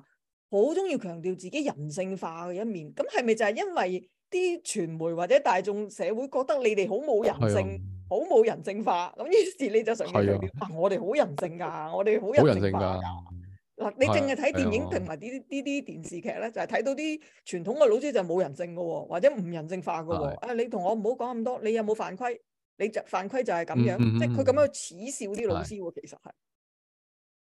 好中意強調自己人性化嘅一面。咁係咪就係因為啲傳媒或者大眾社會覺得你哋好冇人性，好冇人性化咁？於是你就想強調啊，我哋好人性㗎，我哋好人性化。你淨係睇電影同埋呢啲呢啲電視劇咧，就係、是、睇到啲傳統嘅老師就冇人性嘅喎，或者唔人性化嘅喎。的你同我唔好講咁多，你有冇犯規？你就犯規就係咁樣，嗯嗯嗯，即係佢咁樣恥笑啲老師喎。的其實係誒、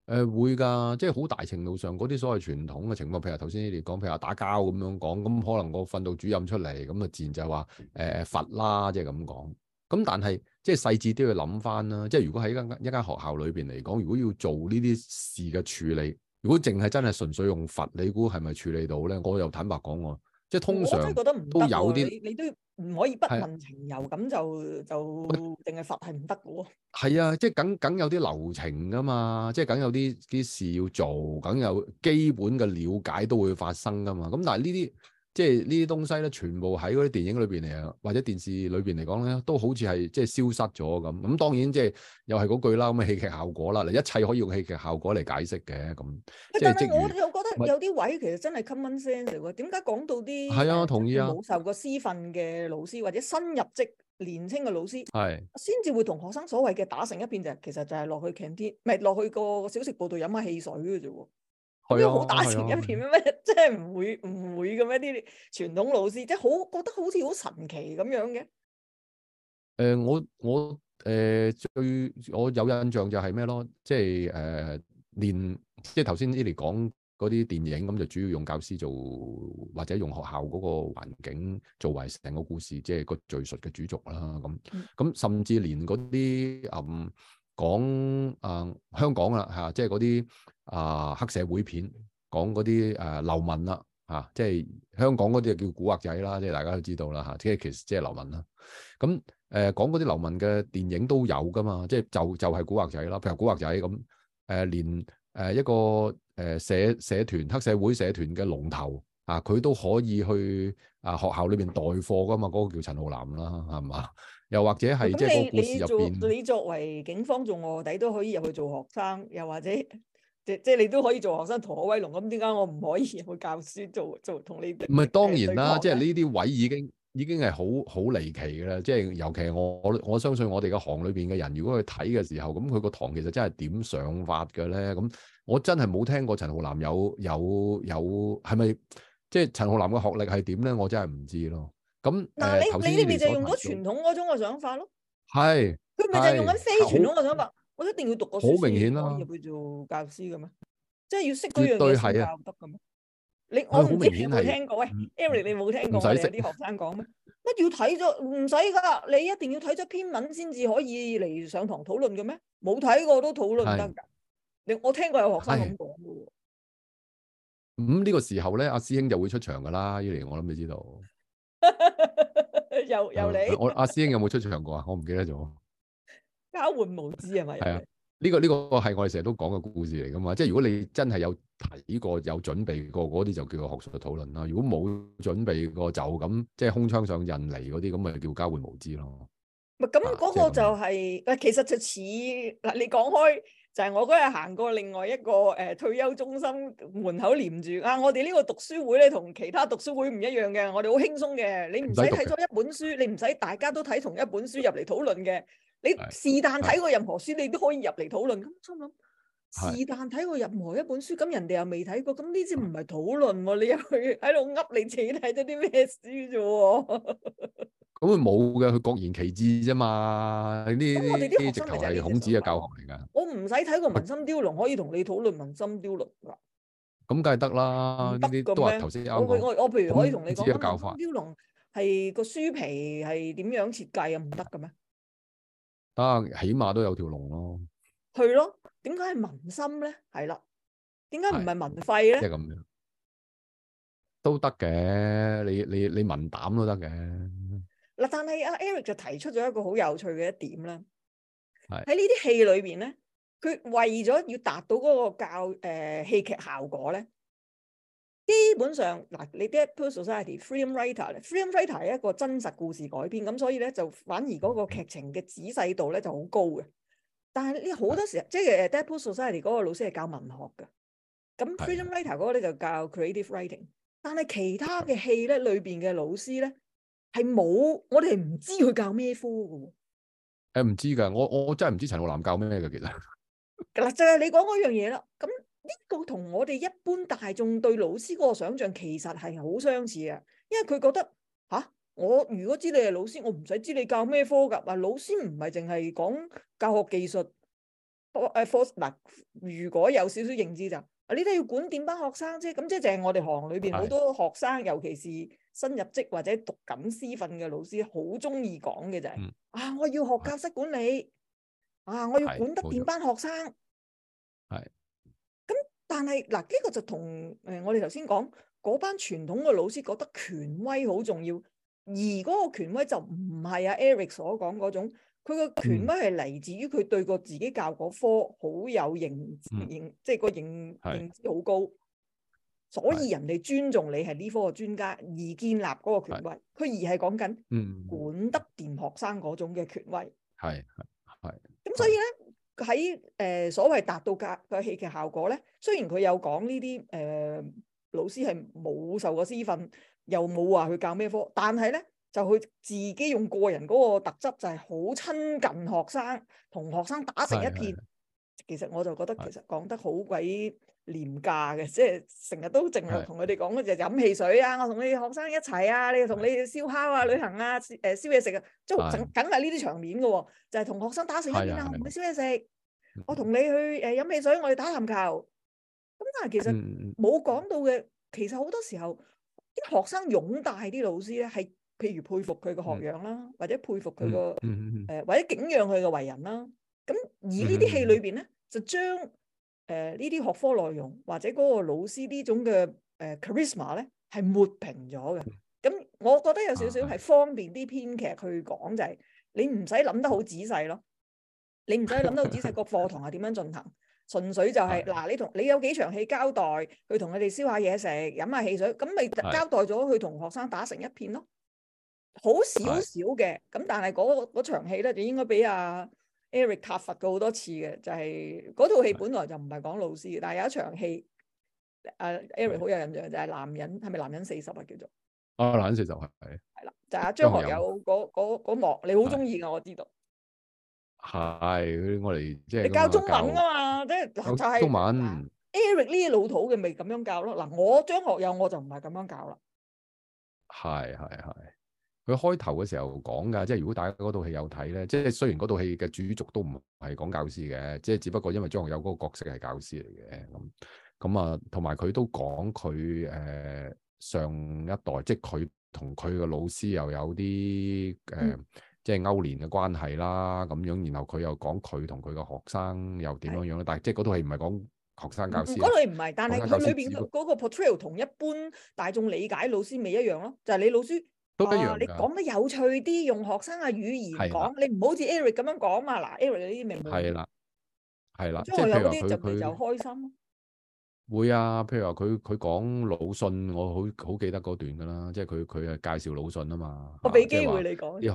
呃、會㗎，即係好大程度上嗰啲所謂傳統嘅情況，譬如頭先你哋講，譬如話打交咁樣講，咁可能個訓導主任出嚟咁啊，就自然就話誒罰啦，即係咁講。咁、嗯、但係即係細緻啲去諗返啦，即係如果喺一間一間學校裏邊嚟講，如果要做呢啲事嘅處理，如果淨係真係純粹用罰，你估係咪處理到咧？我又坦白講我，即係通常覺得、啊、都有啲，你都唔可以不問情由，咁、啊、就就定係罰係唔得嘅喎。係啊，即係梗梗有啲流程㗎嘛，即係梗有啲啲事要做，梗有基本嘅了解都會發生㗎嘛。咁但係呢啲。即係呢啲東西咧，全部喺嗰啲電影裏邊嚟啊，或者電視裏邊嚟講咧，都好似係即係消失咗咁。咁當然即係又係嗰句啦，咁嘅戲劇效果啦，嗱一切可以用戲劇效果嚟解釋嘅咁。但係是 是我又覺得有啲位其實真係 common sense 喎，點解講到啲係啊，我同意啊，冇受過師訓嘅老師或者新入職年青嘅老師，係先至會同學生所謂嘅打成一片，就其實就係落去 canteen 唔係落去個小食部度飲下汽水嘅啫喎。佢好打成一片咩？即係唔會唔會嘅咩？啲傳統老師即係好覺得好似好神奇咁樣嘅。誒、呃，我我誒、呃、最我有印象就係咩咯？即係誒連即係頭先伊研講嗰啲電影咁，就主要用教師做或者用學校嗰個環境作為成個故事，即、就、係、是、個敍述嘅主軸啦。咁咁、嗯、甚至連嗰啲誒講誒、呃、香港啊嚇，即係嗰啲。就是啊、呃！黑社會片講嗰啲誒流氓啦，嚇、啊，即係香港嗰啲叫古惑仔啦，即係大家都知道、啊、啦，嚇、嗯。即係其實即係流氓啦。咁誒講嗰啲流氓嘅電影都有噶嘛？即係就就係、是、古惑仔啦，譬如古惑仔咁誒、嗯呃，連誒、呃、一個誒社社團黑社會社團嘅龍頭啊，佢都可以去啊學校裏邊代課噶嘛？嗰、那個叫陳浩南啦，係嘛？又或者係你即係個故事入邊，你作為警方做臥底都可以入去做學生，又或者。即即你都可以做學生《逃學威龍》，咁點解我唔可以去教書做做同你哋？唔係當然啦，即係呢啲位已經已經係好好離奇嘅啦。即係尤其我我，我相信我哋嘅行裏邊嘅人，如果去睇嘅時候，咁佢個堂其實真係點想法嘅咧？咁我真係冇聽過陳浩南有有有係咪？即係陳浩南嘅學歷係點咧？我真係唔知咯。咁嗱，你呢邊、呃、就用咗傳統嗰種嘅想法咯，係佢咪就係用緊非傳統嘅想法？我一定要讀個書，好明顯啦，可以入去做教師噶咩？即係要識嗰樣嘢先教得噶咩？你我唔知你有冇聽過喂，Eric 你冇聽過你啲學生講咩？乜要睇咗唔使噶？你一定要睇咗篇文先至可以嚟上堂討論噶咩？冇睇過都討論得噶？你我聽過有學生咁講噶喎。咁呢個時候咧，阿師兄就會出場噶啦。Eric 我諗你知道，又又你我阿師兄有冇出場過啊？我唔記得咗。交換無知係咪？係啊，呢、這個呢、這個係我哋成日都講嘅故事嚟噶嘛。即係如果你真係有睇過、有準備過嗰啲，就叫做學術討論啦。如果冇準備過就咁，即係空槍上印嚟嗰啲，咁咪叫交換無知咯。唔咁嗰個就係、是，誒、啊，就是、其實就似嗱。你講開就係、是、我嗰日行過另外一個誒退休中心門口，黏住啊！我哋呢個讀書會咧，同其他讀書會唔一樣嘅。我哋好輕鬆嘅，你唔使睇咗一本書，你唔使大家都睇同一本書入嚟討論嘅。你是但睇過任何書，的你都可以入嚟討論。咁心諗，是但睇過任何一本書，咁的人哋又未睇過，咁呢啲唔係討論喎。你去喺度噏你自己睇咗啲咩書啫？咁佢冇嘅，佢各言其志啫嘛。呢啲直頭係孔子嘅教學嚟噶。我唔使睇過《文心雕龍》，可以同你討論《文心雕龍》噶。咁梗係得啦，呢啲都係頭先啱講。我我譬如可以同你講孔子嘅教法。雕龍係個書皮係點樣設計啊？唔得嘅咩？啊，起碼都有條龍咯，係咯，點解係文心咧？係啦，點解唔係文肺咧？即係咁樣，都得嘅，你你你文膽都得嘅。嗱，但係阿 Eric 就提出咗一個好有趣嘅一點咧，係喺呢啲戲裏邊咧，佢為咗要達到嗰個教誒戲劇效果咧。基本上嗱，你 Dead Poets Society、Freedom Writers 咧 Freedom Writers 係一個真實故事改編，咁所以咧就反而嗰個劇情嘅仔細度咧就好高嘅。但係你好多時候，是即係 Dead Poets Society 嗰個老師係教文學噶，咁 Freedom Writers 嗰個咧就教 creative writing。但係其他嘅戲咧，裏邊嘅老師咧係冇，我哋唔知佢教咩科噶。誒，唔知噶，我我真係唔知陳浩南教咩嘅。其實。嗱， 就係你講嗰樣嘢啦，咁。呢個同我哋一般大眾對老師嗰個想象其實係好相似啊，因為佢覺得吓、啊，我如果知你係老師，我唔使知你教咩科噶。啊，老師唔係淨係講教學技術，誒，科嗱，如果有少少認知就啊，你都要管點班學生啫。咁即係我哋行裏邊好多學生，是尤其是新入職或者讀緊師訓嘅老師，好中意講嘅就係、是嗯、啊，我要學教室管理，是啊，我要管得點班學生。是啊但係嗱，呢、呢個就同誒、呃、我哋頭先講嗰班傳統嘅老師覺得權威好重要，而嗰個權威就唔係阿 Eric 所講嗰種，佢個權威係嚟自於佢對個自己教嗰科好有認、嗯、認，即係個認認知好高，所以人哋尊重你係呢科嘅專家而建立嗰個權威，佢、嗯、而係講緊管得掂學生嗰種嘅權威。係係係。咁、嗯嗯嗯嗯、所以咧。喺誒、呃、所謂達到個個戲劇效果咧，雖然佢有講呢啲誒老師係冇受過師訓，又冇話佢教咩科，但係咧就佢自己用個人嗰個特質，就係好親近學生，同學生打成一片。是的 其實我就覺得其實講得好鬼廉價嘅，即係成日都淨係同佢哋講，就飲汽水啊！我同你學生一齊啊，你同你燒烤啊，旅行啊，誒燒嘢食啊，就梗係呢啲場面嘅。就係同學生打成一片啊，我燒嘢食，我同你去誒飲汽水，我哋打籃球。咁但係其實冇講到嘅，其實好多時候啲學生擁戴啲老師咧，係譬如佩服佢個學養啦，或者佩服佢個誒，或者景仰佢嘅為人啦。咁而呢啲戲裏邊咧，就將。誒呢啲學科內容或者嗰個老師種、呃、呢種嘅誒 charisma 咧係抹平咗嘅，咁我覺得有少少係方便啲編劇去講，就係，就係你唔使諗得好仔細咯，你唔使諗得好仔細， 仔細個課堂係點樣進行，純粹就係、係、嗱 你同你有幾場戲交代，去同佢哋燒下嘢食，飲下汽水，咁咪交代咗去同學生打成一片咯，好少少嘅，咁但係嗰嗰場戲咧就應該俾阿。Eric 拍佛過好多次嘅，就係嗰套戲本來就唔係講老師嘅，但係有一場戲，阿 Eric 好有印象就係男人係咪男人四十啊叫做，啊男人四十係係啦就係阿張學友嗰嗰嗰幕你好中意嘅我知道，係佢我哋即係你教中文啊嘛，即係就係中文 Eric 呢啲老土嘅咪咁樣教咯嗱我張學友我就唔係咁樣教啦，係係係。佢開頭嘅時候講㗎，即係如果大家嗰套戲有睇咧，即係雖然嗰套戲嘅主軸都唔係講教師嘅，即係只不過因為張學友嗰個角色係教師嚟嘅咁。咁啊，同埋佢都講佢誒上一代，即係佢同佢嘅老師又有啲誒、呃，即係勾連嘅關係啦。咁樣，然後佢又講佢同佢嘅學生又點樣樣啦。的但係即係嗰套戲唔係講學生教師。嗰類唔係，但係佢裏邊嗰個 portrayal 同一般大眾理解老師咪一樣咯？就係、是、你老師。都唔一、啊、你講得有趣啲，用學生嘅語言講，的你唔好似 Eric 咁樣講嘛。嗱，Eric 呢啲明係啦，係啦。即係有啲就比較開心。會啊，譬如話佢佢講魯迅，我好好記得嗰段噶啦。即係佢佢啊介紹魯迅啊嘛。我俾機會你講。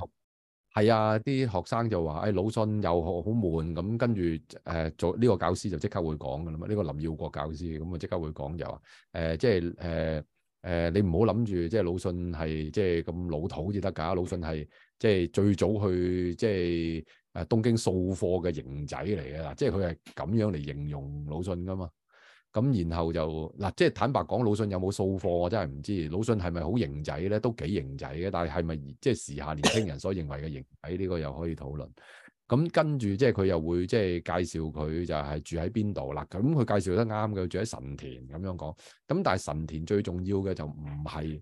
係啊，啲學生就話，誒、哎，魯迅又好好悶咁。跟住誒、呃，做呢、這個教師就即刻會講噶啦。嘛，呢個林耀國教師咁啊、呃呃呃，即刻會講就話。誒、呃，即係誒。誒、呃，你唔好諗住即係魯迅係即係咁老土至得㗎，魯迅係即係最早去即係誒東京掃貨嘅型仔嚟嘅嗱，即係佢係咁樣嚟形容魯迅㗎嘛。咁然後就嗱，即係坦白講，魯迅有冇掃貨我真係唔知，魯迅係咪好型仔咧？都幾型仔嘅，但係係咪即係時下年輕人所認為嘅型仔呢，呢個又可以討論。咁跟住，即係佢又會即係介紹佢就係住喺邊度啦。咁佢介紹得啱嘅，佢住喺神田咁樣講。咁但係神田最重要嘅就唔係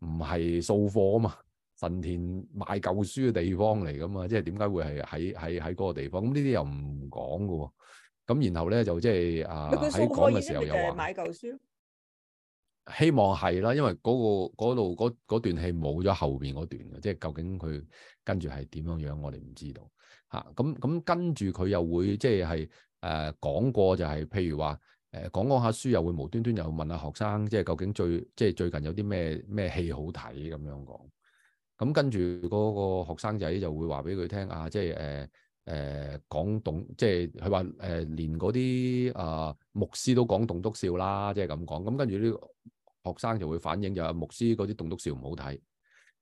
唔係掃貨啊嘛，神田賣舊書嘅地方嚟噶嘛。即係點解會係喺喺喺嗰個地方？咁呢啲又唔講嘅喎。咁然後咧就即係啊喺講嘅時候又話：買舊書？希望係啦，因為嗰度嗰段戲冇咗後邊嗰段嘅，即係究竟佢跟住係點樣樣，我哋唔知道。嚇咁咁跟住佢又會即係誒講過就係、是、譬如話誒講講下書又會無端端又問下學生即係究竟最即係最近有啲咩咩戲好睇咁樣講，咁、嗯、跟住嗰個學生仔就會話俾佢聽啊，即係誒誒講棟即係佢話誒連嗰啲啊牧師都講棟篤笑啦，即係咁講，咁、嗯、跟住呢個學生就會反映、就是，就、啊、係牧師嗰啲棟篤笑唔好睇，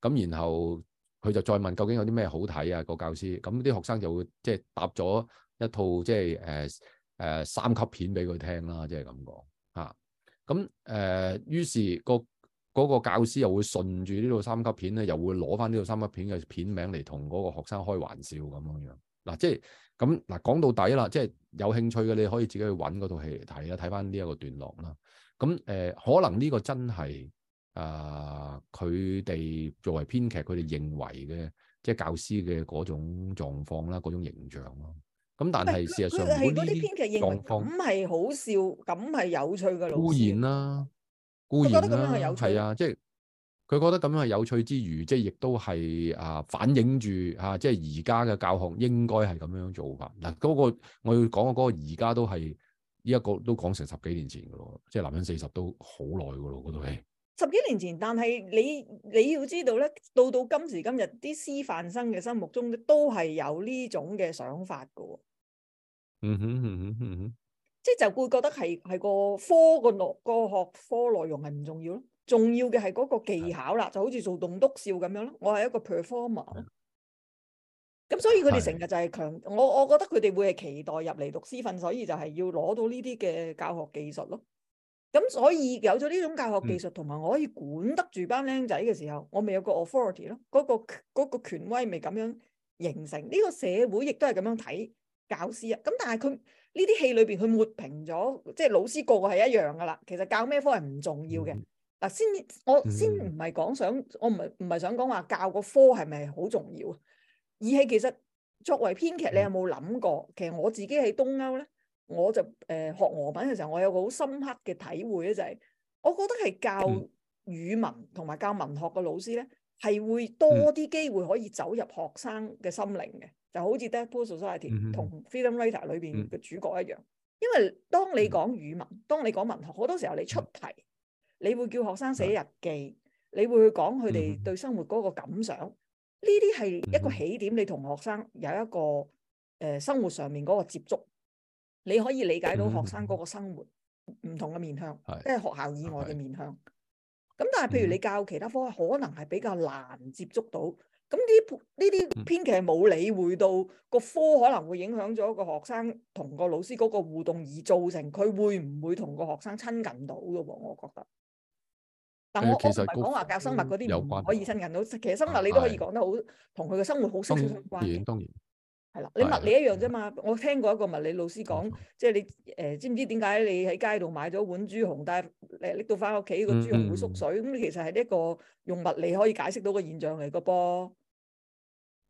咁、啊、然後。然後佢就再問究竟有啲咩好睇啊？個教師咁，啲學生就會即係答咗一套即係誒誒三級片俾佢聽啦，即係咁講吓。咁誒於是個嗰個教師又會順住呢套三級片咧，又會攞翻呢套三級片嘅片名嚟同嗰個學生開玩笑咁樣。嗱、啊，即係咁嗱講到底啦，即係有興趣嘅你可以自己去揾嗰套戲嚟睇啦，睇翻呢一個段落啦。咁、啊、誒、呃、可能呢個真係。啊！佢哋作為編劇，佢哋認為嘅即係教師嘅嗰種狀況啦，嗰種形象咯。咁、嗯、但係事實上，佢係嗰啲編劇認為咁係好笑，咁係有趣嘅老師。固然啦、啊，固然啦、啊，係啊，即係佢覺得咁樣係有趣之餘，即係亦都係啊反映住啊，即係而家嘅教學應該係咁樣做㗎。嗱、那個，嗰個我要講嘅嗰個而家都係依一個都講成十幾年前㗎咯，即係男人四十都好耐㗎咯嗰度係。十幾年前，但係你你要知道咧，到到今時今日，啲師範生嘅心目中都係有呢種嘅想法嘅喎、嗯。嗯哼嗯哼嗯哼，即係就，就會覺得係係個科個學個學科內容係唔重要咯，重要嘅係嗰個技巧啦，的就好似做棟篤笑咁樣咯。我係一個 performer，咁的所以佢哋成日就係強我，我覺得佢哋會係期待入嚟讀師範，所以就係要攞到呢啲嘅教學技術咯。咁所以有咗呢種教學技術，同埋我可以管得住班僆仔嘅時候，我咪有個 authority 咯。嗰個嗰個權威咪咁樣形成呢個社會，亦都係咁樣睇教師啊。咁但係佢呢啲戲裏邊，佢抹平咗，即係老師個個係一樣噶啦。其實教咩科係唔重要嘅。嗱、嗯，先我先唔係講想，我唔係唔係想講話教個科係咪好重要啊？而係其實作為編劇，你有冇諗過？嗯、其實我自己喺東歐咧。我就誒、呃、學俄文嘅時候，我有個好深刻嘅體會咧、就是，就係我覺得係教語文同埋教文學嘅老師咧，係會多啲機會可以走入學生嘅心靈嘅，就好似《Dead Poets Society》同《Freedom Writers》裏邊嘅主角一樣。因為當你講語文，當你講文學，好多時候你出題，你會叫學生寫日記，你會去講佢哋對生活嗰個感想，呢啲係一個起點，你同學生有一個誒、呃、生活上面嗰個接觸。你可以理解到學生嗰個生活唔同嘅面向，即係學校以外嘅面向。咁但係，譬如你教其他科，可能係比較難接觸到。咁呢呢啲編劇冇理會到個科可能會影響咗個學生同個老師嗰個互動，而造成佢會唔會同個學生親近到嘅喎？我覺得。但我我唔係講話教生物嗰啲唔可以親近到，其實生物你都可以講得好，同佢嘅生活好息息相關。係啦，你物理一樣啫嘛。我聽過一個物理老師講，即係你誒、呃，知唔知點解你喺街度買咗碗豬紅，但係誒拎到翻屋企個豬紅會縮水？咁、嗯嗯嗯、其實係一個用物理可以解釋到個現象嚟嘅噃。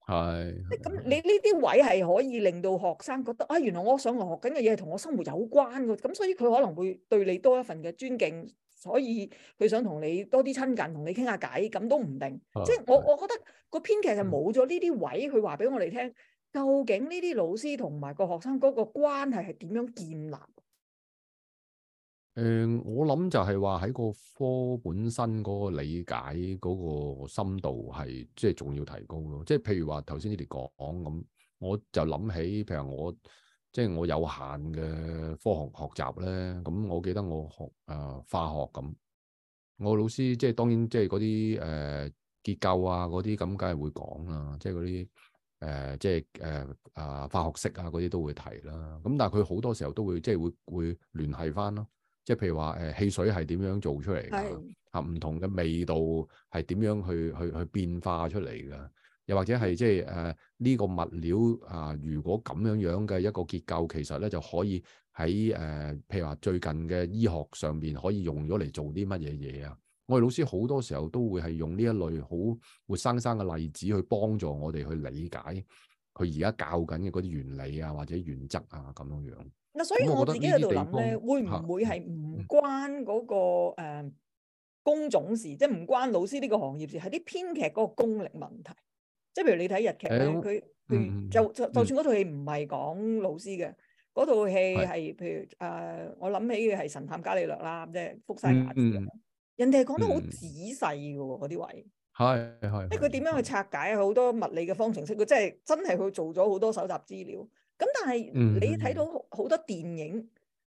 係是，咁你呢啲位係可以令到學生覺得啊、哎，原來我想學學緊嘅嘢係同我生活有關嘅，咁所以佢可能會對你多一份嘅尊敬，所以佢想同你多啲親近，同你傾下偈，咁都唔定。啊、即係我我覺得個編劇係冇咗呢啲位，佢話俾我哋聽。究竟呢啲老師同埋個學生嗰個關係係點樣建立？誒，我諗就係話喺個科本身嗰個理解嗰個深度係即係仲要提高咯。即係譬如話頭先你哋講咁，我就諗起譬如我即係我有限嘅科學學習咧，咁我記得我學誒化學咁，我老師即係當然即係嗰啲誒結構啊嗰啲咁，梗係會講啦，即係嗰啲。誒、呃、即係誒、呃、啊化學式啊嗰啲都會提啦，咁但係佢好多時候都會即係會會聯繫翻咯，即係譬如話誒汽水係點樣做出嚟嘅？啊唔同嘅味道係點樣去去去變化出嚟嘅？又或者係即係誒呢個物料啊、呃，如果咁樣樣嘅一個結構，其實咧就可以喺誒、呃、譬如話最近嘅醫學上面可以用咗嚟做啲乜嘢嘢啊？我哋老師好多時候都會係用呢一類好活生生嘅例子，去幫助我哋去理解佢而家教緊嘅嗰啲原理啊，或者原則啊咁樣樣。嗱，所以我自己喺度諗咧，會唔會係唔關嗰個誒工種事，即係唔關老師呢個行業事，係啲編劇嗰個功力問題。即係譬如你睇日劇咧，佢佢就就就算嗰套戲唔係講老師嘅，嗰套戲係譬如誒，我諗起嘅係《神探伽利略》啦，即係福山雅治。人哋係講得好仔細嘅喎，嗰啲、嗯、位係係，即係佢點樣去拆解好多物理嘅方程式，佢真係真係佢做咗好多搜集資料。咁但係你睇到好多電影誒、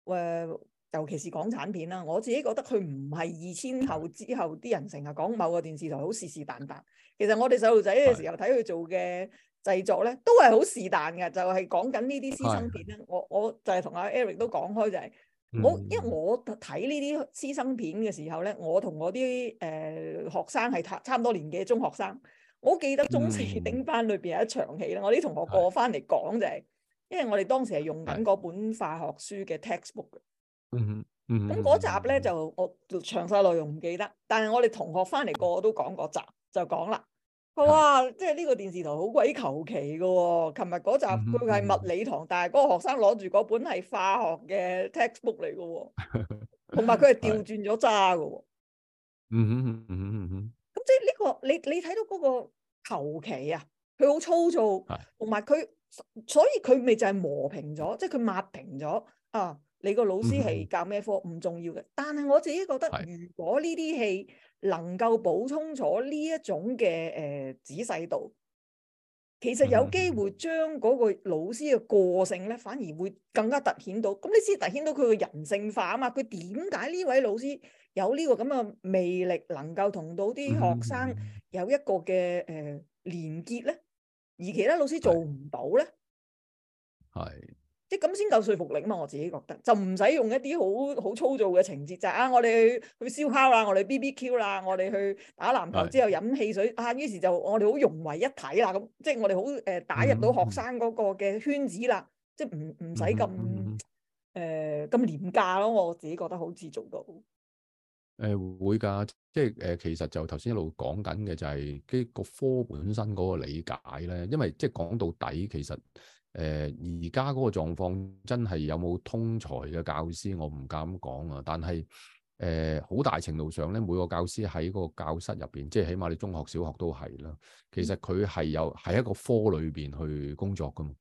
嗯呃，尤其是港產片啦，我自己覺得佢唔係二千後之後啲人成日講某個電視台好是是但但。其實我哋細路仔嘅時候睇佢做嘅製作咧，是都係好是但嘅，就係講緊呢啲師生片。是我我就係同阿 Eric 都講開就係、是。我因為我睇呢啲師生片嘅時候咧，我同我啲誒、呃、學生係差唔多年紀嘅中學生，我記得中四頂班裏邊有一場戲啦。我啲同學過翻嚟講就係、是，因為我哋當時係用緊嗰本化學書嘅 textbook 嘅。嗯嗯。咁嗰集咧就我詳細內容唔記得，但係我哋同學翻嚟個個都講嗰集就講啦。哇！Oh, 即係呢個電視台好鬼求其噶，琴日嗰集佢係物理堂，但係嗰個學生攞住嗰本係化學嘅 textbook 嚟噶，哦，同埋佢係調轉咗渣噶。嗯哼嗯哼嗯哼。咁即係呢個你你睇到嗰個求其啊？佢好粗糙，同埋佢所以佢咪就係磨平咗，即係佢抹平咗啊！你個老師係教咩科唔重要嘅，但係我自己覺得如果呢啲戲。 能夠補充咗呢一種嘅誒、呃、仔細度，其實有機會將嗰個老師嘅個性咧，反而會更加凸顯到。咁、嗯、你先凸顯到佢嘅人性化啊嘛？佢點解呢位老師有呢個咁嘅魅力，能夠同到啲學生有一個嘅誒、呃、連結咧？而其他老師做唔到咧？係。即咁先夠說服力啊嘛！我自己覺得就唔使用，用一啲好好粗糙嘅情節，就是、啊，我哋去燒烤啦，我哋 BBQ 啦，我哋去打籃球之後飲汽水的啊，於是就我哋好融為一體啦咁，即係我哋好誒打入到學生嗰個嘅圈子啦，嗯、即係唔唔使咁誒咁廉價咯。我自己覺得好似做到。誒、呃、會㗎，即係誒、呃、其實就頭先一路講緊嘅就係、是、嗰個科本身嗰個理解咧，因為即係講到底其實。誒而家嗰個狀況真係有冇通才嘅教師，我唔敢講啊。但係誒好大程度上咧，每個教師喺個教室入邊，即係起碼你中學、小學都係啦。其實佢係有喺一個科裏邊去工作噶嘛。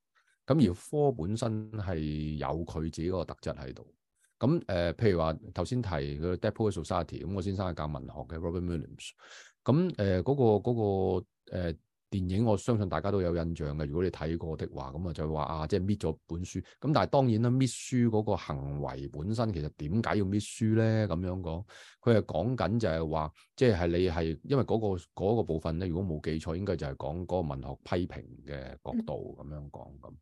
咁而科本身係有佢自己嗰個特質喺度。咁誒、呃，譬如話頭先提個 Dead Poets Society，咁我先生係教文學嘅，嗯、Robert Williams。咁誒嗰個嗰、嗰個呃電影我相信大家都有印象嘅，如果你睇過的話，咁啊就話啊即係搣咗本書，咁但係當然啦，搣書嗰個行為本身其實點解要搣書咧？咁樣講，佢係講緊就係話，即係你係因為嗰個嗰個部分咧，如果冇記錯，應該就係講嗰個文學批評嘅角度咁樣講咁。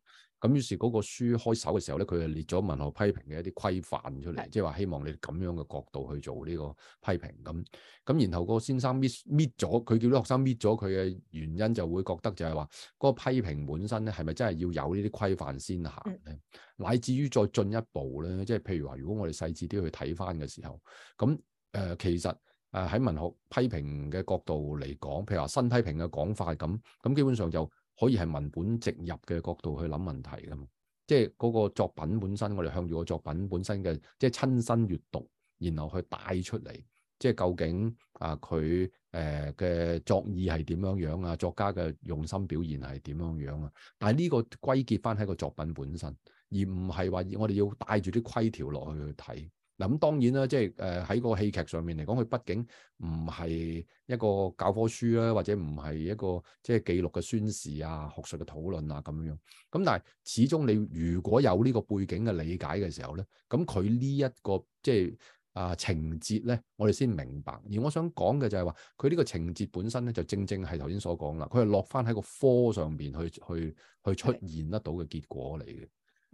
咁於是嗰個書開手嘅時候咧，佢係列咗文學批評嘅一啲規範出嚟，即係話希望你咁樣嘅角度去做呢個批評。咁咁然後個先生搣搣咗，佢叫啲學生搣咗佢嘅原因，就會覺得就係話嗰個批評本身咧，係咪真係要有呢啲規範先行咧？嗯、乃至於再進一步咧，即係譬如話，如果我哋細緻啲去睇翻嘅時候，咁誒其實誒喺文學批評嘅角度嚟講，譬如話新批評嘅講法，咁咁基本上就，可以係文本直入嘅角度去諗問題㗎嘛？即係嗰個作品本身，我哋向住個作品本身嘅，即係親身閱讀，然後去帶出嚟，即係究竟啊佢誒嘅作意係點樣樣啊？作家嘅用心表現係點樣樣啊？但係呢個歸結返喺個作品本身，而唔係話我哋要帶住啲規條落去去睇。嗱咁當然啦，即係誒喺個戲劇上面嚟講，佢畢竟唔係一個教科書啦，或者唔係一個即係記錄嘅宣示啊、學術嘅討論啊咁樣樣。咁但係始終你如果有呢個背景嘅理解嘅時候咧，咁佢呢一個即係啊情節咧，我哋先明白。而我想講嘅就係話，佢呢個情節本身咧，就正正係頭先所講啦，佢係落返喺個科上面去去去出現得到嘅結果嚟嘅。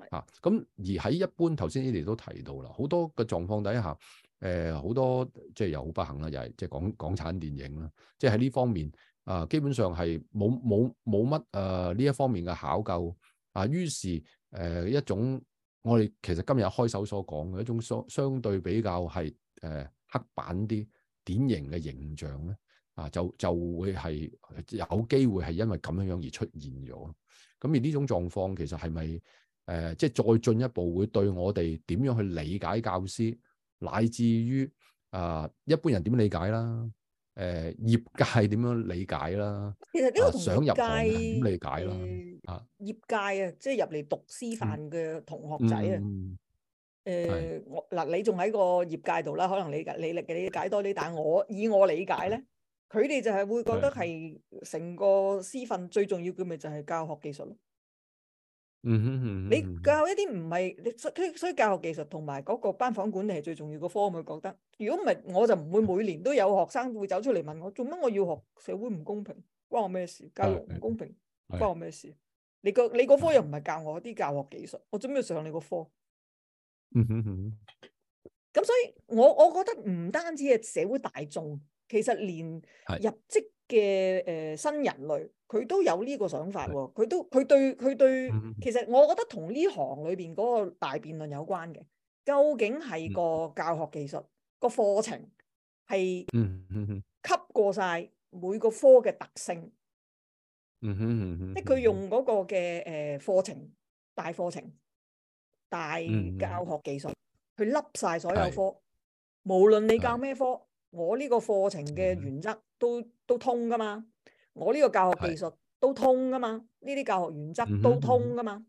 啊！咁而喺一般，頭先你哋都提到啦，好多嘅狀況底下，誒、呃、好多即係又好不幸啦，又係即係港港產電影啦，即係喺呢方面啊、呃，基本上係冇冇冇乜誒呢一方面嘅考究啊，於是誒、呃、一種我哋其實今日開手所講嘅一種相相對比較係誒、呃、黑板啲典型嘅形象咧啊，就就會係有機會係因為咁樣樣而出現咗。咁、啊、而呢種狀況其實係咪？誒、呃，即係再進一步會對我哋點樣去理解教師，乃至於啊、呃、一般人點理解啦？誒，業界點樣理解啦？其實呢個想入行點理解啦？啊，呃業、界呃、業界啊，即係入嚟讀師範嘅同學仔啊，誒，我嗱你仲喺個業界度啦，可能你理解、理理理解多啲。但係我以我理解咧，佢哋就係會覺得係成個師範最重要嘅咪就係教學技術咯。嗯哼 你教一啲唔係，所以教學技術同埋嗰個班房管理係最重要嘅科，我咪覺得，如果唔係我就唔會每年都有學生會走出嚟，問我，做乜我要學社會唔公平，關我咩事？教育唔公平，關我咩事？你個你科又唔係教我啲教學技術，我做咩要上你個科？嗯哼哼，咁 所以我我覺得唔單止係社會大眾。其實連入職嘅誒新人類，佢都有呢個想法喎。佢都佢對佢對，其實我覺得同呢行裏邊嗰個大辯論有關嘅，究竟係個教學技術個、嗯、課程係吸過晒每個科嘅特性。嗯哼、嗯、即係佢用嗰個嘅誒、呃、課程大課程大教學技術去笠晒所有科，是的 無論你教咩科。我呢個課程嘅原則都都通噶嘛，我呢個教學技術都通噶嘛，呢啲是教學原則都通噶嘛，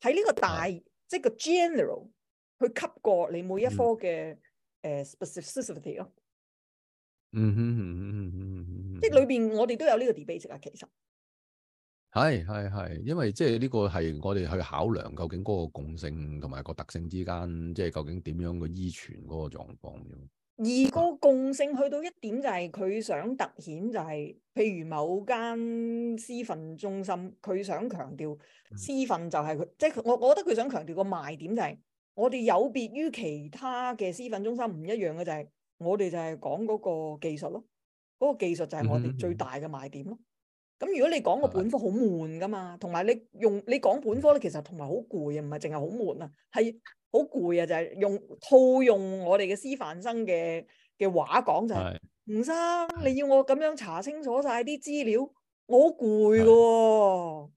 喺呢、嗯嗯、個大是即係個 general 去吸過你每一科嘅誒、嗯呃、specificity 咯。嗯嗯嗯嗯嗯嗯。即係裏邊我哋都有呢個 debate 啊，其實係係係，因為即係呢個係我哋去考量究竟嗰個共性同埋個特性之間，即、就、係、是、究竟點樣個依存嗰個狀況二個共性去到一點就係佢想突顯就係，譬如某間私訓中心，佢想強調私訓就係佢，即係我我覺得佢想強調個賣點就係，我哋有別於其他嘅私訓中心唔一樣嘅就係，我哋就係講嗰個技術咯，嗰個技術就係我哋最大嘅賣點咯。咁如果你講個本科好悶噶嘛，同埋你用你講本科咧，其實同埋好攰啊，唔係淨係好悶啊，係。好攰啊！就係、是、用套用我哋嘅師範生嘅嘅話講就係、是，吳是生是你要我咁樣查清楚晒啲資料，我好攰嘅。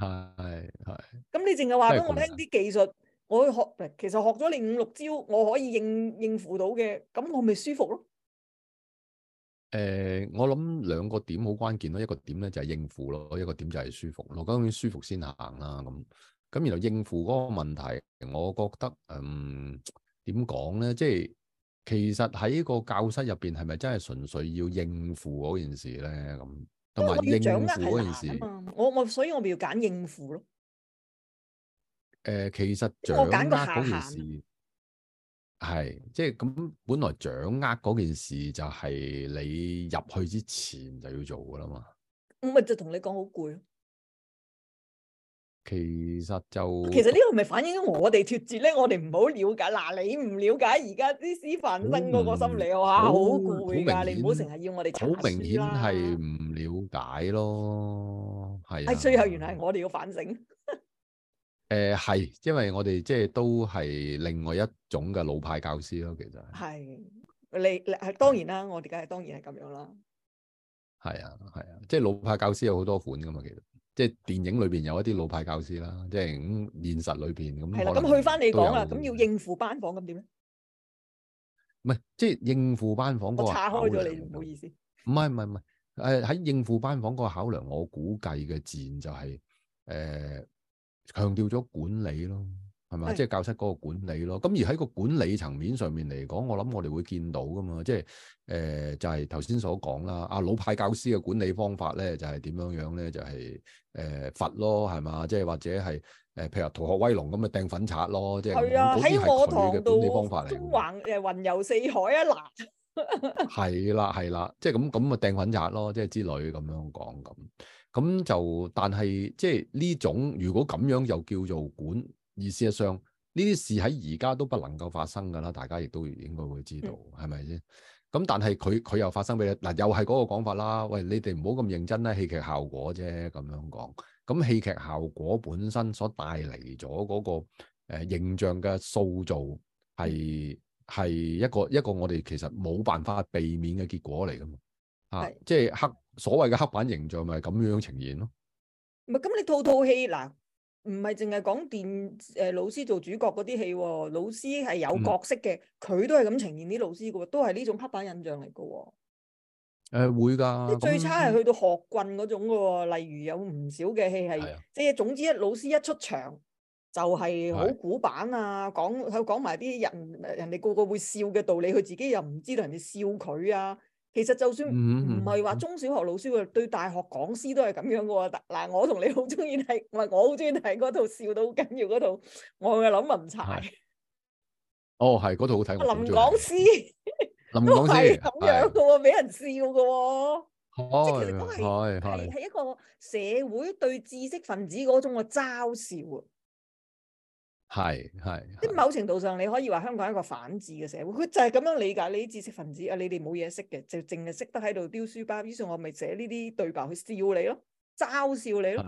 係係。咁你淨係話俾我聽啲技術，我去學其實學咗你五六招，我可以應應付到嘅，咁我咪舒服咯。誒、呃，我諗兩個點好關鍵咯，一個點咧就係應付咯，一個點就係舒服。羅金遠舒服先行啦、啊，咁。咁然後應付嗰個問題，我覺得，嗯點講咧？即係其實喺個教室入邊，係咪真係純粹要應付嗰件事咧？咁同埋應付嗰件事，我我所以我咪要揀應付咯。誒、呃，其實掌握嗰件事係即係咁，本來掌握嗰件事就係你入去之前就要做㗎喇嘛。咪就同你講好攰咯。其實就其實呢個咪反映咗我哋脫節咧，我哋唔好了解。嗱、啊，你唔了解而家啲師範生嗰個心理，哇，好攰噶，嗯、你唔好成日要我哋查書啦。好明顯係唔了解咯，係、啊。係最後，原來係我哋要反省。誒、 呃，係，因為我哋即係都係另外一種嘅老派教師咯，其實係。你係當然啦，我哋梗係當然係咁樣啦。係啊，係啊，即係、啊、老派教師有好多款噶嘛，其實。即係電影裏邊有一啲老派教師啦，即係咁現實裏邊咁。係啦，咁去翻你講啦，咁有要應付班房咁點咧？唔係，即係應付班房個。我岔開咗你，唔好意思。唔係唔係唔係，誒喺、呃、應付班房個考量，我估計嘅自然就係、是、誒、呃、強調咗管理咯。係嘛？即係教室嗰個管理咯。咁而喺個管理層面上面嚟講，我諗我哋會見到噶嘛。即係誒、呃，就係頭先所講啦。阿、啊、老派教師嘅管理方法咧，就係、是、點樣樣咧？就係誒罰咯，係嘛？即係或者係誒，譬如話逃學威龍咁啊，掟粉刷咯。即係嗰啲係佢嘅管理方法嚟。橫誒，雲遊四海啊，嗱、啊，係啦，係啦，即係咁咁啊，掟粉刷咯，即係之類咁樣講咁。咁就但係即係呢種，如果咁樣又叫做管？而事實上，呢啲事喺而家都不能夠發生噶啦，大家亦都應該會知道，係咪先？咁但係佢佢又發生畀你，嗱，又係嗰個講法啦。喂，你哋唔好咁認真啦，戲劇效果啫，咁樣講。咁戲劇效果本身所帶嚟咗嗰個誒、呃、形象嘅塑造，係係一個一個我哋其實冇辦法避免嘅結果嚟噶嘛？是啊，即、就、係、是、黑所謂嘅黑板形象咪咁樣呈現咯。咪，係，咁你套套戲嗱。唔係淨係講電誒，是是老師做主角嗰啲戲，老師係有角色嘅，佢都係咁呈現啲老師噶，都係呢種刻板印象嚟噶。誒、嗯，會噶，最差係去到學棍嗰種噶，例如有唔少嘅戲係，即係、嗯、總之一老師一出場就係好古板啊，講佢講埋啲人人哋個個會笑嘅道理，佢自己又唔知道人哋笑佢啊。其實就算唔係話中小學老師嘅，嗯、對大學講師都係咁樣嘅喎。嗱，我同你好中意睇，唔係我好中意睇嗰套笑到好緊要嗰套，我諗林文柴。哦，係嗰套好睇，我好中意。林講師，林講師都係咁樣嘅喎，俾是人笑嘅喎。的的即係其實都係係係一個社會對知識分子嗰種嘅嘲笑。係係，即某程度上你可以話香港係一個反智嘅社會，佢就係咁樣理解你啲知識分子啊，你哋冇嘢識嘅，就淨係識得喺度丟書包，於是，我咪寫呢啲對白去笑你咯，嘲笑你咯。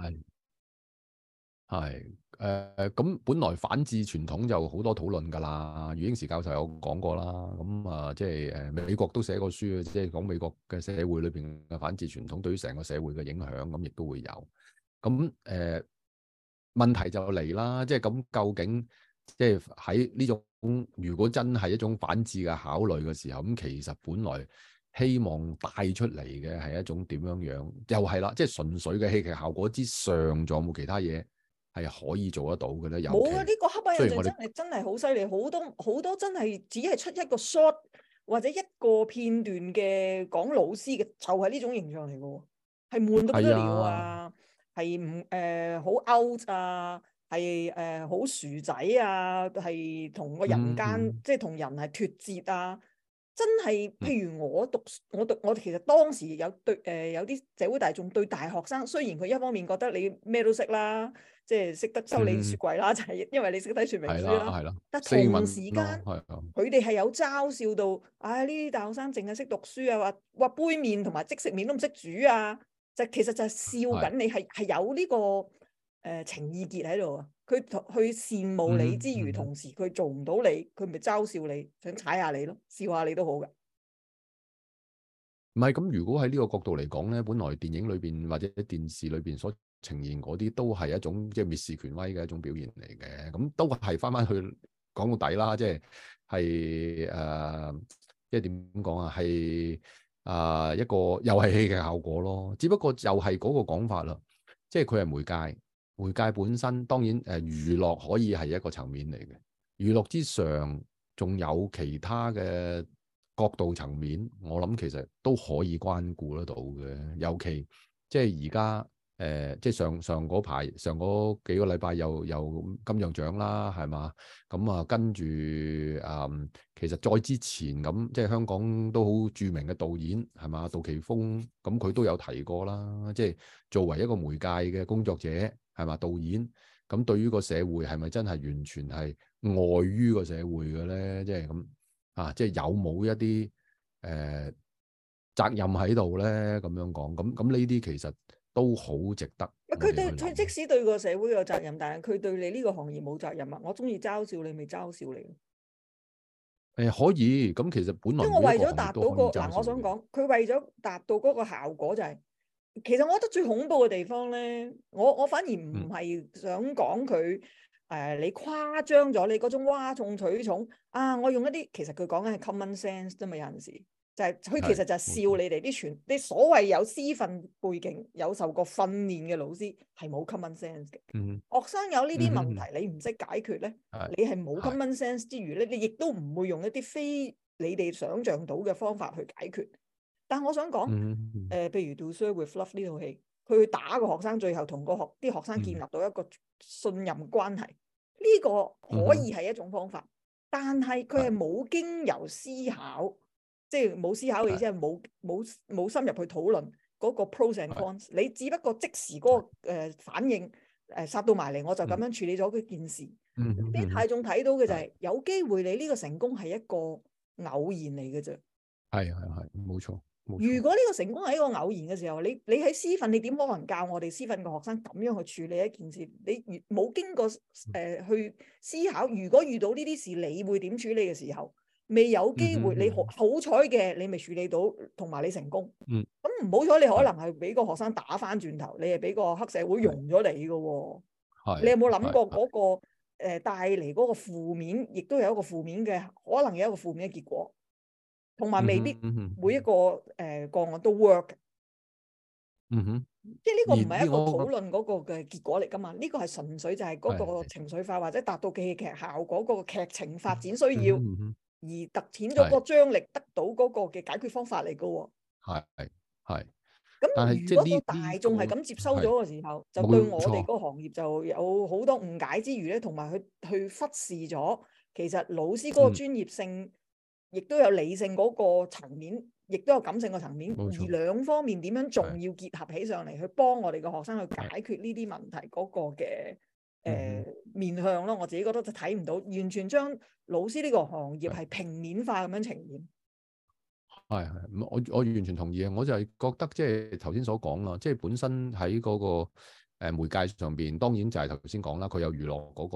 係，係，咁、呃，本來反智傳統就好多討論㗎啦。余英時教授有講過啦，咁啊、呃，即係誒、呃、美國都寫過書，即係講美國嘅社會裏邊嘅反智傳統對於成個社會嘅影響，咁亦都會有。咁誒。呃問題就嚟啦，即係咁究竟，即係喺呢種如果真係一種反智嘅考慮嘅時候，咁其實本來希望帶出嚟嘅係一種點樣樣，又係啦，即係純粹嘅戲劇效果之上，仲有冇其他嘢係可以做得到嘅咧？冇啊！呢、這個黑白鏡真係真係好犀利，好多好多真係只係出一個 shot 或者一個片段嘅講老師嘅，就係、是、呢種形象嚟嘅喎，係悶到不得了啊！係唔誒好 out 啊？係誒、呃、好薯仔啊？係同個人間即係同人係脫節啊！真係，譬如我讀、嗯、我讀我讀，我其實當時有對誒、呃、有啲社會大眾對大學生，雖然佢一方面覺得你咩都識啦，即係識得修理雪櫃啦，嗯、就係因為你識睇說明書啦。係啦，係啦。但同時間佢哋係有嘲笑到，唉、哎！呢啲大學生淨係識讀書啊，話話杯麵同埋即食麵都唔識煮啊！就其實就笑緊你係係有呢個誒情意結喺度啊！佢去羨慕你之餘，同時佢做唔到你，佢咪嘲笑你，想踩下你咯，笑下你都好㗎。唔係咁，如果喺呢個角度嚟講咧，本來電影裏邊或者電視裏邊所呈現嗰啲，都係一種即係蔑視權威嘅一種表現嚟嘅。咁都係翻翻去講到底啦，即係係誒，即係點講啊？係。啊，一個又係戲嘅效果咯，只不過又係嗰個講法啦，即係佢係媒介，媒介本身當然誒、呃、娛樂可以係一個層面嚟嘅，娛樂之上仲有其他嘅角度層面，我諗其實都可以關顧得到嘅，尤其即係而家。誒、呃，即係上上嗰排，上嗰幾個禮拜又又金像獎啦，係嘛？咁、嗯、啊，跟住啊、嗯，其實再之前咁、嗯，即係香港都好著名嘅導演，係嘛？杜琪峰咁，佢、嗯、都有提過啦。即係作為一個媒介嘅工作者，係嘛？導演咁、嗯、對於個社會係咪真係完全係礙於個社會嘅咧？即係咁、嗯、啊，即係有冇一啲誒、呃、責任喺度咧？咁樣講，咁咁呢啲其實。都好值得。佢對佢即使對個社會有責任，但係佢對你呢個行業冇責任啊！我中意嘲笑你，咪嘲笑你。誒、欸，可以咁。其實本來因為我為咗達到個嗱、啊，我想講佢為咗達到嗰個效果、就是，就係其實我覺得最恐怖嘅地方咧，我我反而唔係想講佢誒，你誇張咗，你嗰種嘩眾取寵啊！我用一啲其實佢講緊係 common sense 啫嘛，有陣時。就係、是、佢其實就係笑你哋啲傳啲所謂有師訓背景有受過訓練嘅老師係冇 common sense 嘅學、嗯、生有呢啲問題、嗯、你唔識解決咧，是你係冇 common sense 之餘咧，你亦都唔會用一啲非你哋想象到嘅方法去解決。但係我想講誒，譬、嗯呃、如《To Sir with Love》呢套戲，佢打個學生，最後同個學啲學生建立到一個信任關係，呢、嗯嗯、個可以係一種方法，但係佢係冇經由思考。即係冇思考嘅意思，係冇冇冇深入去討論嗰個 pros and cons。的你只不過即時嗰、嗰個誒的、呃、反應誒殺、呃、到埋嚟，我就咁樣處理咗佢件事。啲、嗯嗯嗯、大眾睇到嘅就係、是、的有機會，你呢個成功係一個偶然嚟嘅啫。係係係，冇錯。錯如果呢個成功係一個偶然嘅時候，你你喺私訓，你點可能教我哋私訓嘅學生咁樣去處理一件事？你冇經過誒、呃、去思考，如果遇到呢啲事，你會點處理嘅時候？未有機會，mm hmm. 你好好彩嘅，你未處理到，同埋你成功。咁唔好彩，你可能係俾個學生打翻轉頭，你係俾個黑社會融咗你嘅喎。Mm hmm. 你有冇諗過嗰個誒帶嚟嗰個負面，亦、mm hmm. 都有一個負面嘅，可能有一個負面嘅結果，同埋未必每一個誒個案都 work。嗯哼、mm，即係呢個唔係一個討論嗰個嘅結果嚟噶嘛？呢個係純粹就係嗰個情緒化，mm hmm. 或者達到戲劇效果、嗰個劇情發展需要。Mm hmm. mm hmm. 而突顯咗嗰張力，得到嗰個嘅解決方法嚟嘅、哦。係係係。咁、嗯、但係是如果個大眾係咁接收咗嘅時候，是就對我哋個行業就有好多誤解之餘咧，同埋佢去忽視咗，其實老師嗰個專業性，亦、嗯、都有理性嗰個層面，亦都有感性嘅層面。錯而兩方面點樣仲要結合起上嚟，錯是去幫我哋嘅學生去解決呢啲問題嗰個嘅。誒面向咯，我自己覺得就睇唔到，完全將老師呢個行業係平面化咁樣呈現。係係，咁我我完全同意啊！我就係覺得即係頭先所講啦，即係本身喺嗰個誒媒介上邊，當然就係頭先講啦，佢有娛樂嗰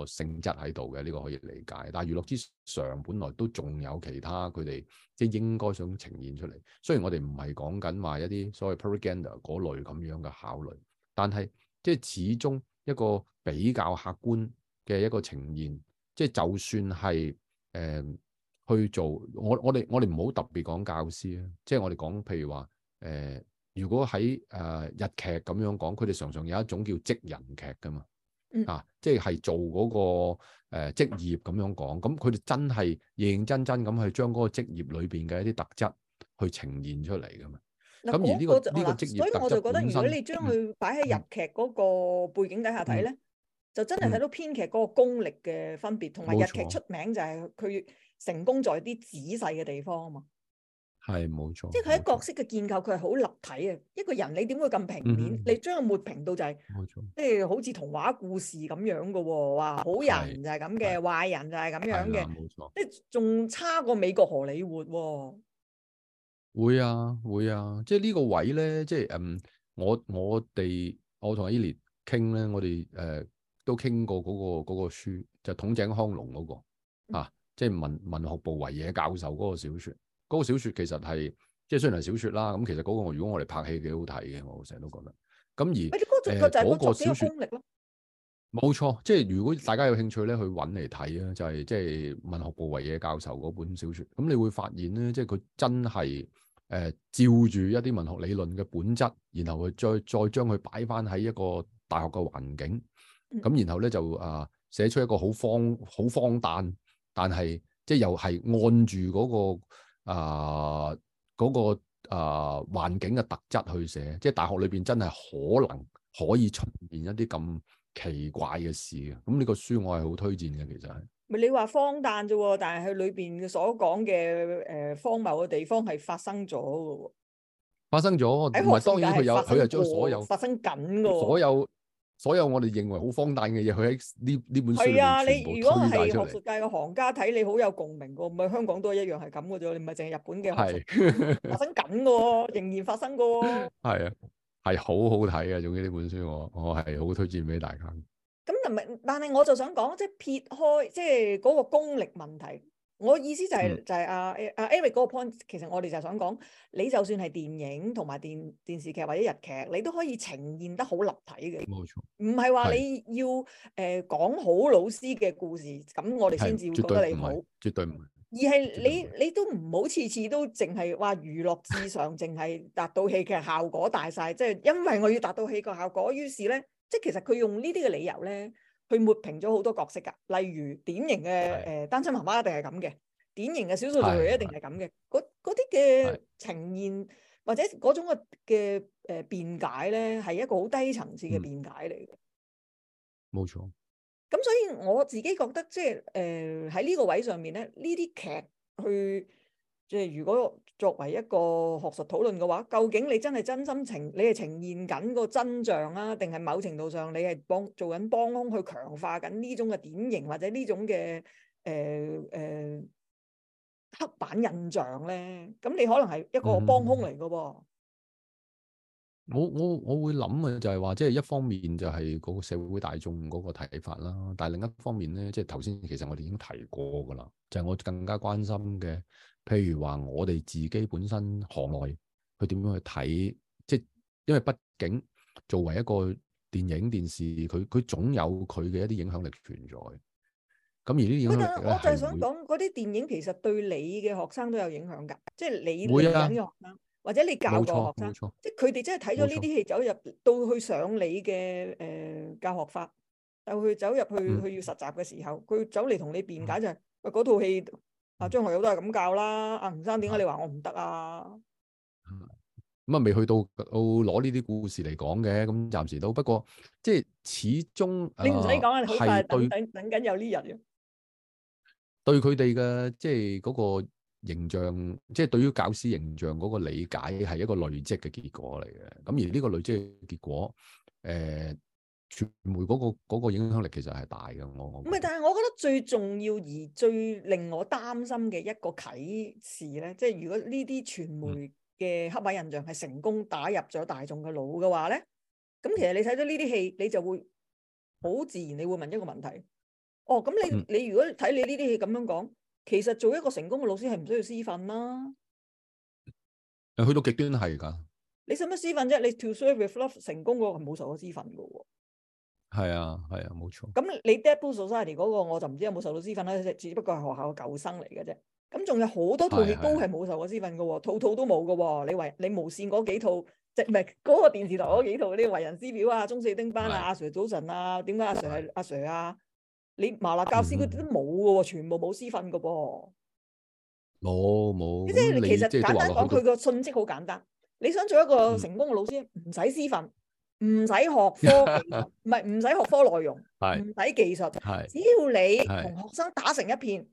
個性質喺度嘅，呢個可以理解。但係娛樂之上，本來都仲有其他佢哋即係應該想呈現出嚟。雖然我哋唔係講緊話一啲所謂 propaganda 嗰類咁樣嘅考慮，但係即係始終一個。比較客觀嘅一個呈現，即係就算係誒、呃、去做，我我哋我哋唔好特別講教師啊，即係我哋講譬如話誒、呃，如果喺誒、呃、日劇咁樣講，佢哋常常有一種叫職人劇噶嘛，嗯、啊，即係做嗰、那個誒職、呃、業咁樣講，咁佢哋真係認真真咁去將嗰個職業裏邊嘅一啲特質去呈現出嚟噶嘛。咁、嗯、而呢、這個呢個職、啊、業特質，所以我就覺得身如果你將佢擺喺日劇嗰個背景底下睇咧、嗯。嗯嗯就真係睇到編劇嗰個功力嘅分別，同埋日劇出名就係佢成功在啲仔細嘅地方啊嘛。係冇錯，即係佢喺角色嘅建構，佢係好立體啊！一個人你點會咁平面？你將佢抹平到就係，即係好似童話故事咁樣嘅喎，話好人就係咁嘅，壞人就係咁樣嘅，冇錯，即係仲差過美國荷里活喎。會啊會啊，即係呢個位咧，即係嗯，我我哋我同伊研傾咧，我哋誒。都傾過嗰、那個嗰、那個書，就是《筒井康隆、那個》嗰個、嗯、啊，即、就、係、是、文文學部唯野教授嗰個小説。嗰、那個小説其實係即係雖然係小説啦，咁其實嗰個如果我哋拍戲幾好睇嘅，我成日都覺得。咁而嗰個小説功力咯。冇錯，即係如果大家有興趣咧，去揾嚟睇啊，就係、是、即係文學部唯野教授嗰本小説。咁你會發現咧，即係佢真係誒、呃、照住一啲文學理論嘅本質，然後佢再再將佢擺翻喺一個大學嘅環境。咁然後咧就啊寫、呃、出一個好荒好荒誕，但係即係又係按住嗰、那個啊、呃那個啊環、呃、境嘅特質去寫，即係大學裏邊真係可能可以出現一啲咁奇怪嘅事嘅。咁、嗯、呢、這個書我係好推薦嘅，其實係咪你話荒誕啫？但係佢裏邊嘅所講嘅誒荒謬嘅地方係發生咗嘅，發生咗唔係當然佢有，佢係將所有發生緊嘅所有。所有我哋認為好荒誕嘅嘢，佢喺呢呢本書裡面全部推帶出嚟。係啊，你如果係學術界嘅行家睇，你好有共鳴㗎，唔係香港都一樣係咁嘅啫。你唔係淨係日本嘅學術界發生緊嘅喎，是 仍然發生嘅喎。係啊，係好好睇啊。總之呢本書我我係好推薦俾大家。咁同埋，但係我就想講，即係撇開即係嗰個功力問題。我意思就係、是嗯、就係阿阿 Eric 嗰個 point，其實我哋就係想講，你就算係電影同埋電電視劇或者日劇，你都可以呈現得好立體嘅。冇錯，唔係話你要誒是、呃、講好老師嘅故事，咁我哋先至會覺得你好，絕對唔係。而係你你，你都唔好次次都淨係話娛樂至上，淨係達到戲劇 效果大晒。即、就、係、是、因為我要達到戲劇效果，於是咧，即係其實佢用呢啲嘅理由咧。佢抹平咗好多角色噶，例如典型嘅誒是的、呃、單親媽媽一定係咁嘅，是的 典型嘅少數族裔一定係咁嘅，嗰啲嘅呈現是的 或者嗰種嘅嘅誒辯解咧，係一個好低層次嘅辯解嚟嘅。冇、嗯、錯。咁所以我自己覺得，即係誒喺呢個位上面咧，呢啲劇去。即係如果作為一個學術討論嘅話，究竟你真係真心情，你係呈現緊個真相啊，定係某程度上你係幫做緊幫兇去強化緊呢種嘅典型或者呢種嘅誒誒黑板印象咧？咁你可能係一個幫兇嚟嘅喎。我我我會諗嘅就係話，即係一方面就係嗰個社會大眾嗰個睇法啦，但係另一方面咧，即係頭先其實我哋已經提過嘅啦，就係我更加關心嘅。譬如話我哋自己本身行內佢點樣去睇，即係因為畢竟作為一個電影電視，佢佢總有佢嘅一啲影響力存在。咁而呢啲影，我就係想講嗰啲電影其實對你嘅學生都有影響噶，即係你嚟影嘅學生，或者你教過嘅學生，即係佢哋真係睇咗呢啲戲走入到去上你嘅誒、呃、教學法，又去走入去、嗯、去要實習嘅時候，佢走嚟同你辯解就係，喂嗰套戲。阿、啊、張學友都係咁教啦，阿吳生點解你話我唔得啊？咁啊未、嗯、去到到攞呢啲故事嚟講嘅，咁暫時都不過，即係始終你唔使講啦，好等等緊有呢日。對佢哋嘅即係嗰個形象，即係對於教師形象嗰個理解係一個累積嘅結果嚟嘅。咁而呢個累積嘅結果，誒、呃。傳媒嗰、嗰個、嗰個影響力其實係大嘅，我我唔係，但係我覺得最重要而最令我擔心嘅一個啟示咧，即係如果呢啲傳媒嘅黑白印象係成功打入咗大眾嘅腦嘅話咧，咁其實你睇咗呢啲戲，你就會好自然你會問一個問題：哦，咁你你如果睇你呢啲戲咁樣講，其實做一個成功嘅老師係唔需要私訓啦。誒，去到極端係噶。你使乜私訓啫？你 To Serve With Love 成功嗰個係冇受過私訓噶喎。係啊，係啊，冇錯。咁你 Dead Poets Society 嗰個我就唔知有冇受到師訓啦，只不過係學校嘅舊生嚟嘅啫。咁仲有好多套亦都係冇受過師訓嘅，對套套都冇嘅。你為你無線嗰幾套，即係唔係嗰個電視台嗰幾套啲為人師表啊，中四丁班啊，是阿 Sir 早晨啊，點解阿 Sir 係阿 Sir 啊？你麻辣教師佢、嗯、都冇嘅，全部冇師訓嘅噃。冇冇、哦，即係麼其實你簡單講，佢個訊息好簡單。你想做一個成功嘅老師，唔使師訓。嗯唔使學科技，唔係唔使學科內容，唔使技術，只要你同學生打成一片，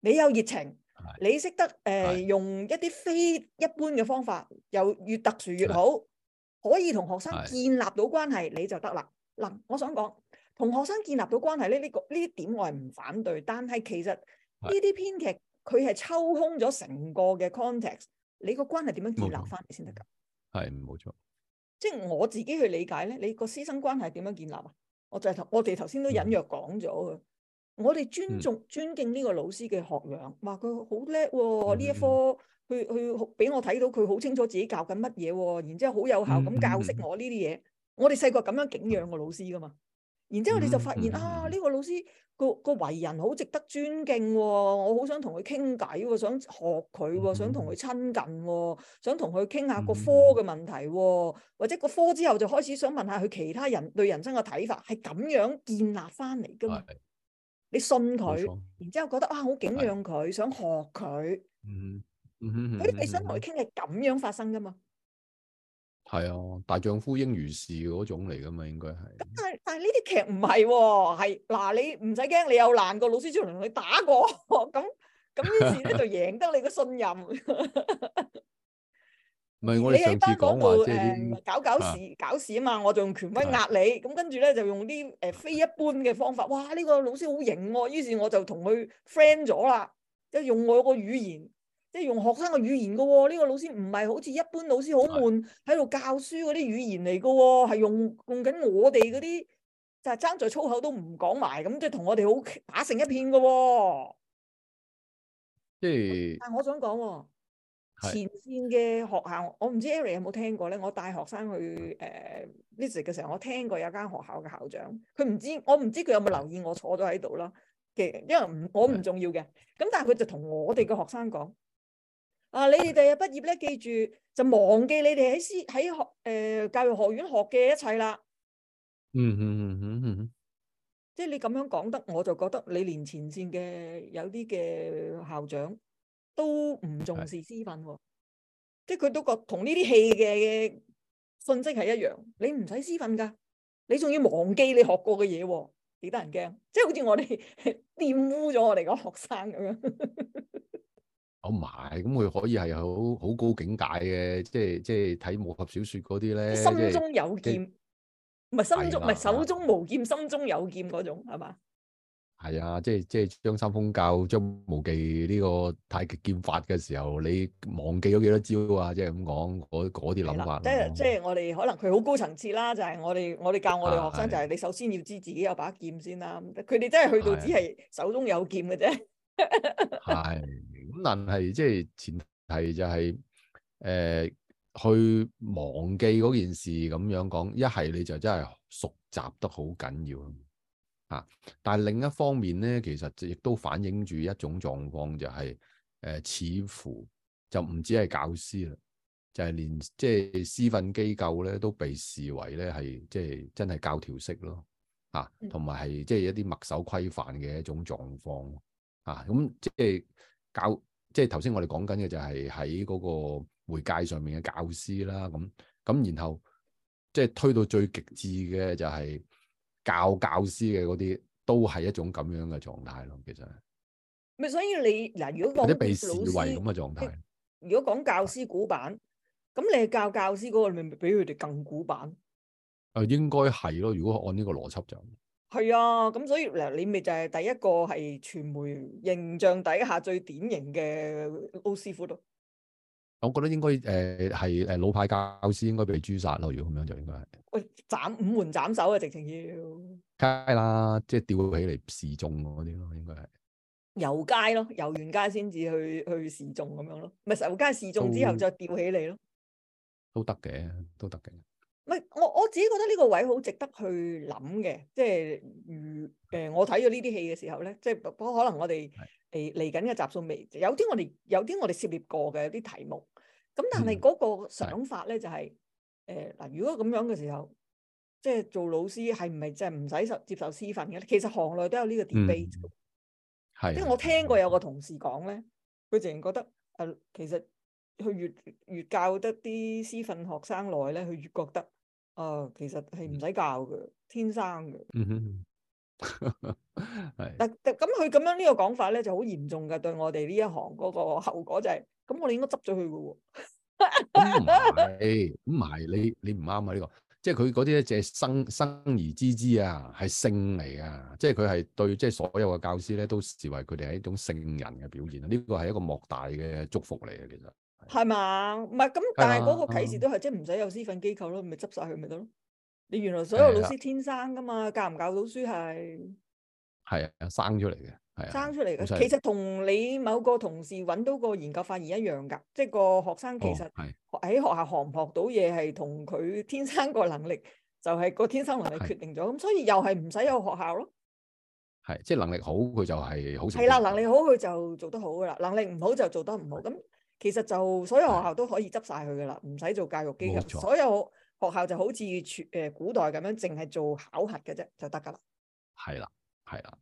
你有熱情，你識得誒用一啲非一般嘅方法，又越特殊越好，可以同學生建立到關係，你就得啦。嗱，我想講同學生建立到關係呢，呢個呢點我係唔反對，但係其實呢啲編劇佢係抽空咗成個嘅 context，你個關係點樣建立翻嚟先得噶？係冇錯。即係我自己去理解咧，你個師生關係點樣建立啊？我就係、是、頭，我哋頭先都隱約講咗嘅。嗯、我哋尊重、嗯、尊敬呢個老師嘅學養，話佢好叻喎，呢、嗯、一科佢佢俾我睇到佢好清楚自己教緊乜嘢喎，然之後好有效咁教識我呢啲嘢。嗯嗯、我哋細個咁樣敬仰個老師噶嘛。然之後，你就發現、mm hmm. 啊，呢、這個老師個、這個為人好值得尊敬喎、哦，我好想同佢傾偈喎，想學佢喎、哦 mm hmm. 哦，想同佢親近喎，想同佢傾下個科嘅問題喎、哦，或者個科之後就開始想問下佢其他人對人生嘅睇法，係咁樣建立翻嚟噶嘛？Mm hmm. 你信佢，mm hmm. 然之後覺得啊，好景仰佢，mm hmm. 想學佢，嗯嗯、mm，hmm. 你想同佢傾係咁樣發生噶嘛？Mm hmm. mm hmm. 係啊，大丈夫應如是嗰種嚟噶嘛，應該係。咁但係但係呢啲劇唔係喎，係嗱，你唔使驚，你有難過老師專同你打過，咁咁於是咧就贏得你嘅信任。唔係 我哋上次講話、嗯、搞搞事，啊、搞事啊嘛，我就用權威壓你，咁跟住咧就用啲誒非一般嘅方法，哇呢、呢個老師好型、啊，於是我就同佢 friend 咗啦，即係用我個語言。即係用學生嘅語言嘅喎、哦，呢、這個老師唔係好似一般老師好悶喺度教書嗰啲語言嚟嘅喎，係用用緊我哋嗰啲就係、是、爭在粗口都唔講埋，咁即係同我哋好打成一片嘅喎、哦。即係是，但我想講喎、哦，的前線嘅學校，我唔知 Eric 有冇聽過咧。我帶學生去誒 Liz 嘅時候，我聽過有間學校嘅校長，佢唔知我唔知佢有冇留意我坐咗喺度啦。嘅因為唔我唔重要嘅，咁的但係佢就同我哋嘅學生講。啊！你哋第日畢業咧，記住就忘記你哋喺師喺學誒、呃、教育學院學嘅一切啦。嗯嗯嗯嗯嗯，即係你咁樣講得，我就覺得你連前線嘅有啲嘅校長都唔重視師訓、哦， 即係佢都覺同呢啲戲嘅信息係一樣。你唔使師訓噶，你仲要忘記你學過嘅嘢、哦，幾得人驚！即係好似我哋玷污咗我哋個學生咁樣。 哦，埋咁佢可以係好好高境界嘅，即係即係睇武俠小說嗰啲咧。心中有劍，唔係、就是、心中唔係的手中無劍，的心中有劍嗰種係嘛？係啊，即係即係張三豐教張無忌呢個太極劍法嘅時候，你忘記咗幾多招啊？即係咁講嗰啲諗法。即係即係我哋可能佢好高層次啦，就係、是、我哋我哋教我哋學生就係你首先要知自己有把劍先啦。佢哋真係去到只係手中有劍嘅啫。係。咁但係即係前提就係、是、誒、呃、去忘記嗰件事咁樣講，一係你就真係熟習得好緊要啊！但係另一方面咧，其實亦都反映住一種狀況、就是，就係誒似乎就唔止係教師啦，就係、是、連即係私訓機構咧都被視為咧係即係真係教條式咯啊，同埋係即係一啲墨守規範嘅一種狀況啊！咁即係。教即係頭先我哋講緊嘅就係喺嗰個媒介上面嘅教師啦，咁咁然後即係推到最極致嘅就係教教師嘅嗰啲，都係一種咁樣嘅狀態咯。其實咪所以你嗱，如果嗰啲被視為咁嘅狀態，如果講教師古板，咁你教教師嗰個，咪比佢哋更古板？啊、呃，應該係咯，如果按呢個邏輯就。係啊，咁所以嗱，你咪就係第一個係傳媒形象底下最典型嘅奧斯夫咯。我覺得應該誒係誒老派教教師應該被誅殺咯，如果咁樣就應該係。喂，斬五門斬首啊，直情要。梗係啦，即係吊起嚟示眾嗰啲咯，應該係。遊街咯，遊完街先至去去示眾咁樣咯，咪遊街示眾之後再吊起嚟咯。都得嘅，都得嘅。唔，我我自己覺得呢個位好值得去諗嘅，即係如誒、呃，我睇咗呢啲戲嘅時候咧，即係不可能我哋嚟嚟緊嘅集數未，有啲我哋有啲我哋涉獵過嘅啲題目，咁但係嗰個想法咧就係誒嗱，如果咁樣嘅時候，是即係做老師係唔係即係唔使受接受師訓嘅？其實行內都有呢個 debate，係、嗯、即係我聽過有個同事講咧，佢自然覺得誒、呃、其實。佢越越教得啲師訓學生嚟咧，佢越覺得啊、哦，其實係唔使教嘅，天生嘅。嗯哼 是，係。咁佢咁樣這個呢個講法咧，就好嚴重嘅對我哋呢一行嗰個後果就係、是，咁我哋應該執咗佢嘅喎。咁唔係，唔係你你唔啱啊！呢、這個即係佢嗰啲咧，即係生生而知之啊，係性嚟啊！即係佢係對，即係所有嘅教師咧，都視為佢哋係一種聖人嘅表現啊！呢、這個係一個莫大嘅祝福嚟嘅，其實。係嘛？唔係咁，但係嗰個啟示都係即係唔使有師訓機構咯，咪執晒佢咪得咯。你原來所有老師天生噶嘛，教唔教到書係係啊生出嚟嘅，係生出嚟嘅。其實同你某個同事搵到個研究發現一樣噶，即係個學生其實喺學校學唔學到嘢，係同佢天生個能力就係個天生能力決定咗。咁所以又係唔使有學校咯。係即係能力好，佢就係好。係啦，能力好佢就做得好噶啦，能力唔好就做得唔好咁。其實就所有學校都可以執晒佢㗎啦，唔使的做教育基金。錯所有學校就好似誒古代咁樣，淨係做考核嘅啫，就得㗎啦。係啦，係啦，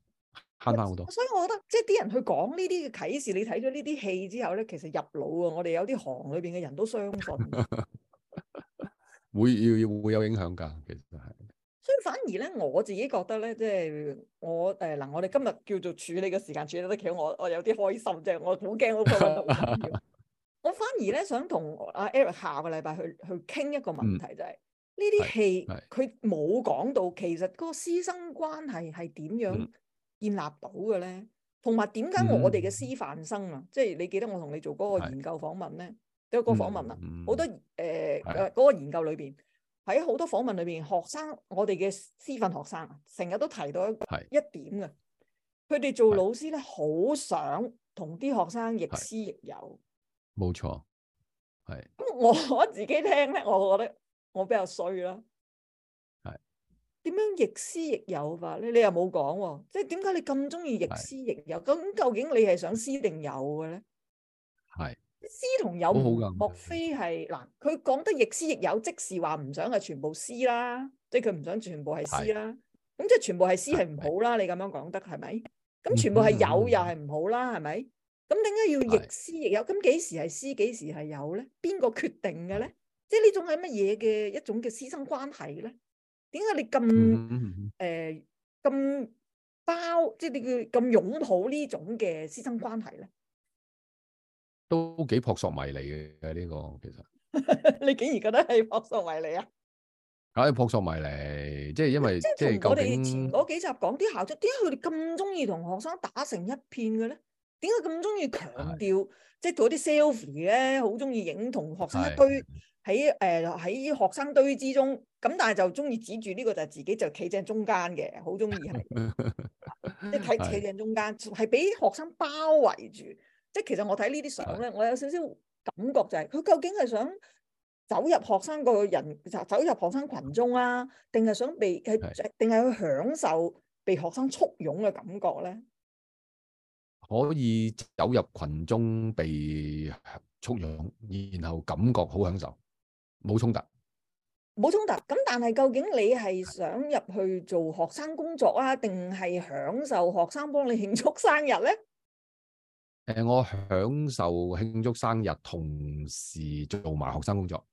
慳翻好多。所以我覺得即係啲人去講呢啲嘅啟示，你睇咗呢啲戲之後咧，其實入腦啊！我哋有啲行裏邊嘅人都相信， 會要要會有影響㗎。其實係。所以反而咧，我自己覺得咧，即係我誒嗱，我哋、呃、今日叫做處理嘅時間處理得幾好，我我有啲開心啫。我好驚我我反而咧想同阿 Eric 下個禮拜去去傾一個問題，就係呢啲戲佢冇講到，其實嗰個師生關係係點樣建立到嘅咧？同埋點解我哋嘅師範生啊？嗯、即係你記得我同你做嗰個研究訪問咧，有嗰、嗰個訪問啊，好、嗯、多誒嗰、呃是的 呃嗰個研究裏邊，喺好多訪問裏邊，學生我哋嘅師範學生啊，成日都提到一點啊，佢哋做老師咧，好想同啲學生亦師亦友。冇錯，係咁我自己聽咧，我覺得我比較衰啦。係點樣亦師亦友法咧？你又冇講，即係點解你咁中意亦師亦友？咁究竟你係想師定友嘅咧？係師同友，莫非係嗱？佢講得亦師亦友，即是話唔想係全部師啦，即係佢唔想全部係師啦。咁即係全部係師係唔好啦。你咁樣講得係咪？咁全部係友又係唔好啦，係咪？咁點解要亦師亦友？咁幾時係師，幾時係友咧？邊個決定嘅咧？即係呢種係乜嘢嘅一種嘅師生關係咧？點解你咁誒咁包，即係你叫咁擁抱呢種嘅師生關係咧？都幾撲朔迷離嘅呢個，其實 你竟然覺得係撲朔迷離啊？啊、哎，撲朔迷離，即係因為即係我哋前嗰幾集講啲校長，點解佢哋咁中意同學生打成一片嘅咧？點解咁中意強調，的即係嗰啲 Selfie 咧，好中意影同學生堆喺誒喺學生堆之中，咁但係就中意指住呢個就係自己就企正中間嘅，好中意係， 即係企正中間，係俾的學生包圍住。即係其實我睇呢啲相咧，的我有少少感覺就係，佢究竟係想走入學生個人，就走入學生群眾啊，定係想被，定係去享受被學生簇擁嘅感覺咧？可以走入群中被簇擁，然後感覺好享受，冇衝突，冇衝突。咁但係究竟你係想入去做學生工作啊，定係享受學生幫你慶祝生日咧？誒，我享受慶祝生日，同時做埋學生工作，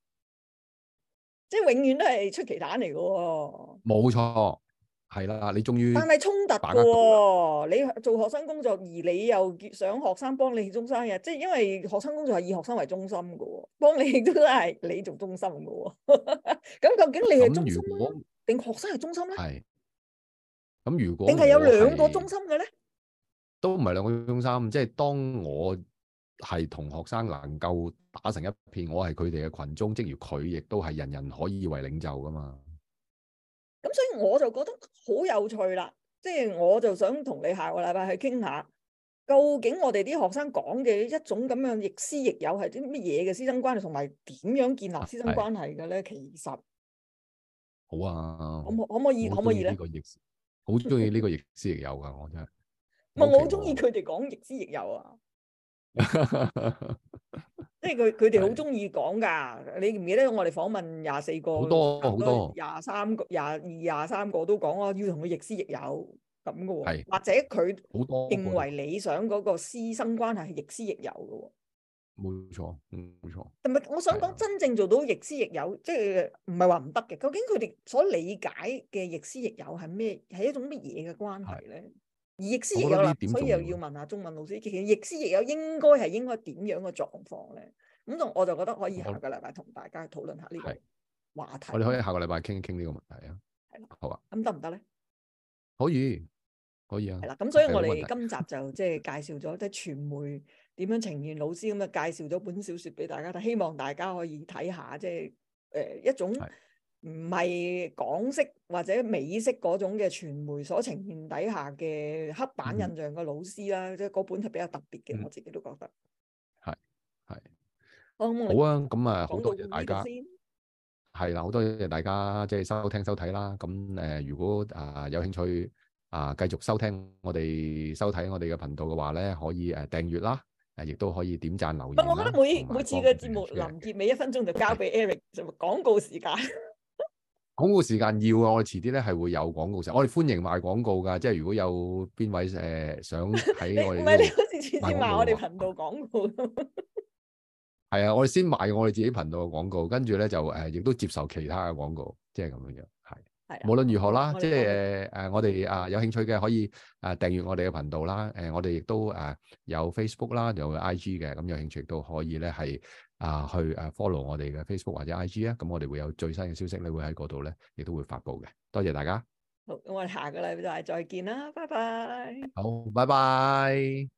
即係永遠都係出奇蛋嚟噶。冇錯。係啦，你終於，但係衝突嘅喎，你做學生工作，而你又想學生幫你做生意，即係因為學生工作係以學生為中心嘅喎，幫你亦都係你做中心嘅喎。咁 究竟你係中心咧、啊，定學生係中心咧？係。咁如果，定係有兩個中心嘅咧？都唔係兩個中心，即、就、係、是、當我係同學生能夠打成一片，我係佢哋嘅群眾，即如佢亦都係人人可以為領袖噶嘛。我就覺得好有趣啦，即係我就想同你下個禮拜去傾下，究竟我哋啲學生講嘅一種咁樣亦師亦友係啲乜嘢嘅師生關係，同埋點樣建立師生關係嘅咧？其實好啊，可可唔可以可唔可以咧？呢個亦師，好中意呢個亦師亦友噶，我真係我好中意佢哋講亦師亦友啊。 即係佢佢哋好中意講噶，的你唔記得我哋訪問廿四個，好多好多廿三個廿二廿三個都講啊，要同佢亦師亦友咁嘅喎，的或者佢認為理想嗰個師生關係係亦師亦友嘅喎，冇錯冇錯。咁啊，我想講真正做到亦師亦友，即係唔係話唔得嘅。究竟佢哋所理解嘅亦師亦友係咩？係一種乜嘢嘅關係咧？而亦師亦友啦，所以又要問下中文老師，亦師亦友應該係應該點樣嘅狀況咧？咁同我就覺得可以下個禮拜同的大家討論下呢個話題。我哋可以下個禮拜傾一傾呢個問題啊。係啦的，好啊的。咁得唔得咧？可以，可以啊。係啦，咁所以我哋今集就即係介紹咗即係傳媒點樣呈現老師咁樣，介紹咗本小說俾大家睇，希望大家可以睇下，即係誒一種。唔係港式或者美式嗰種嘅傳媒所呈現底下嘅黑板印象嘅老師啦，即係嗰本係比較特別嘅，我自己都覺得係係好啊！咁啊，好多謝大家先係啦，好多謝大家即係收聽收睇啦。咁誒，如果啊有興趣啊繼續收聽我哋收睇我哋嘅頻道嘅話咧，可以誒訂閱啦，誒亦都可以點讚留言。但係我覺得每每次嘅節目臨結尾一分鐘就交俾 Eric，就廣告時間。廣告時間要啊！我哋遲啲咧係會有廣告時間。我哋歡迎賣廣告噶，即係如果有邊位誒、呃、想喺我哋賣， 你，我你好似直接賣我哋頻道廣告咯？係 啊，我哋先賣我哋自己頻道嘅廣告，跟住咧就誒亦、呃、都接受其他嘅廣告，即係咁樣樣係。係，的無論如何啦，即係誒我哋啊有興趣嘅可以誒訂閲我哋嘅頻道啦。誒、呃、我哋亦都誒有 Facebook 啦，有 IG 嘅，咁有興趣亦都可以咧係。啊，去誒 follow 我哋嘅 Facebook 或者 IG 啊，咁我哋會有最新嘅消息咧，會喺嗰度咧，亦都會發布嘅。多謝大家。好，咁我哋下個禮拜再再見啦，拜拜。好，拜拜。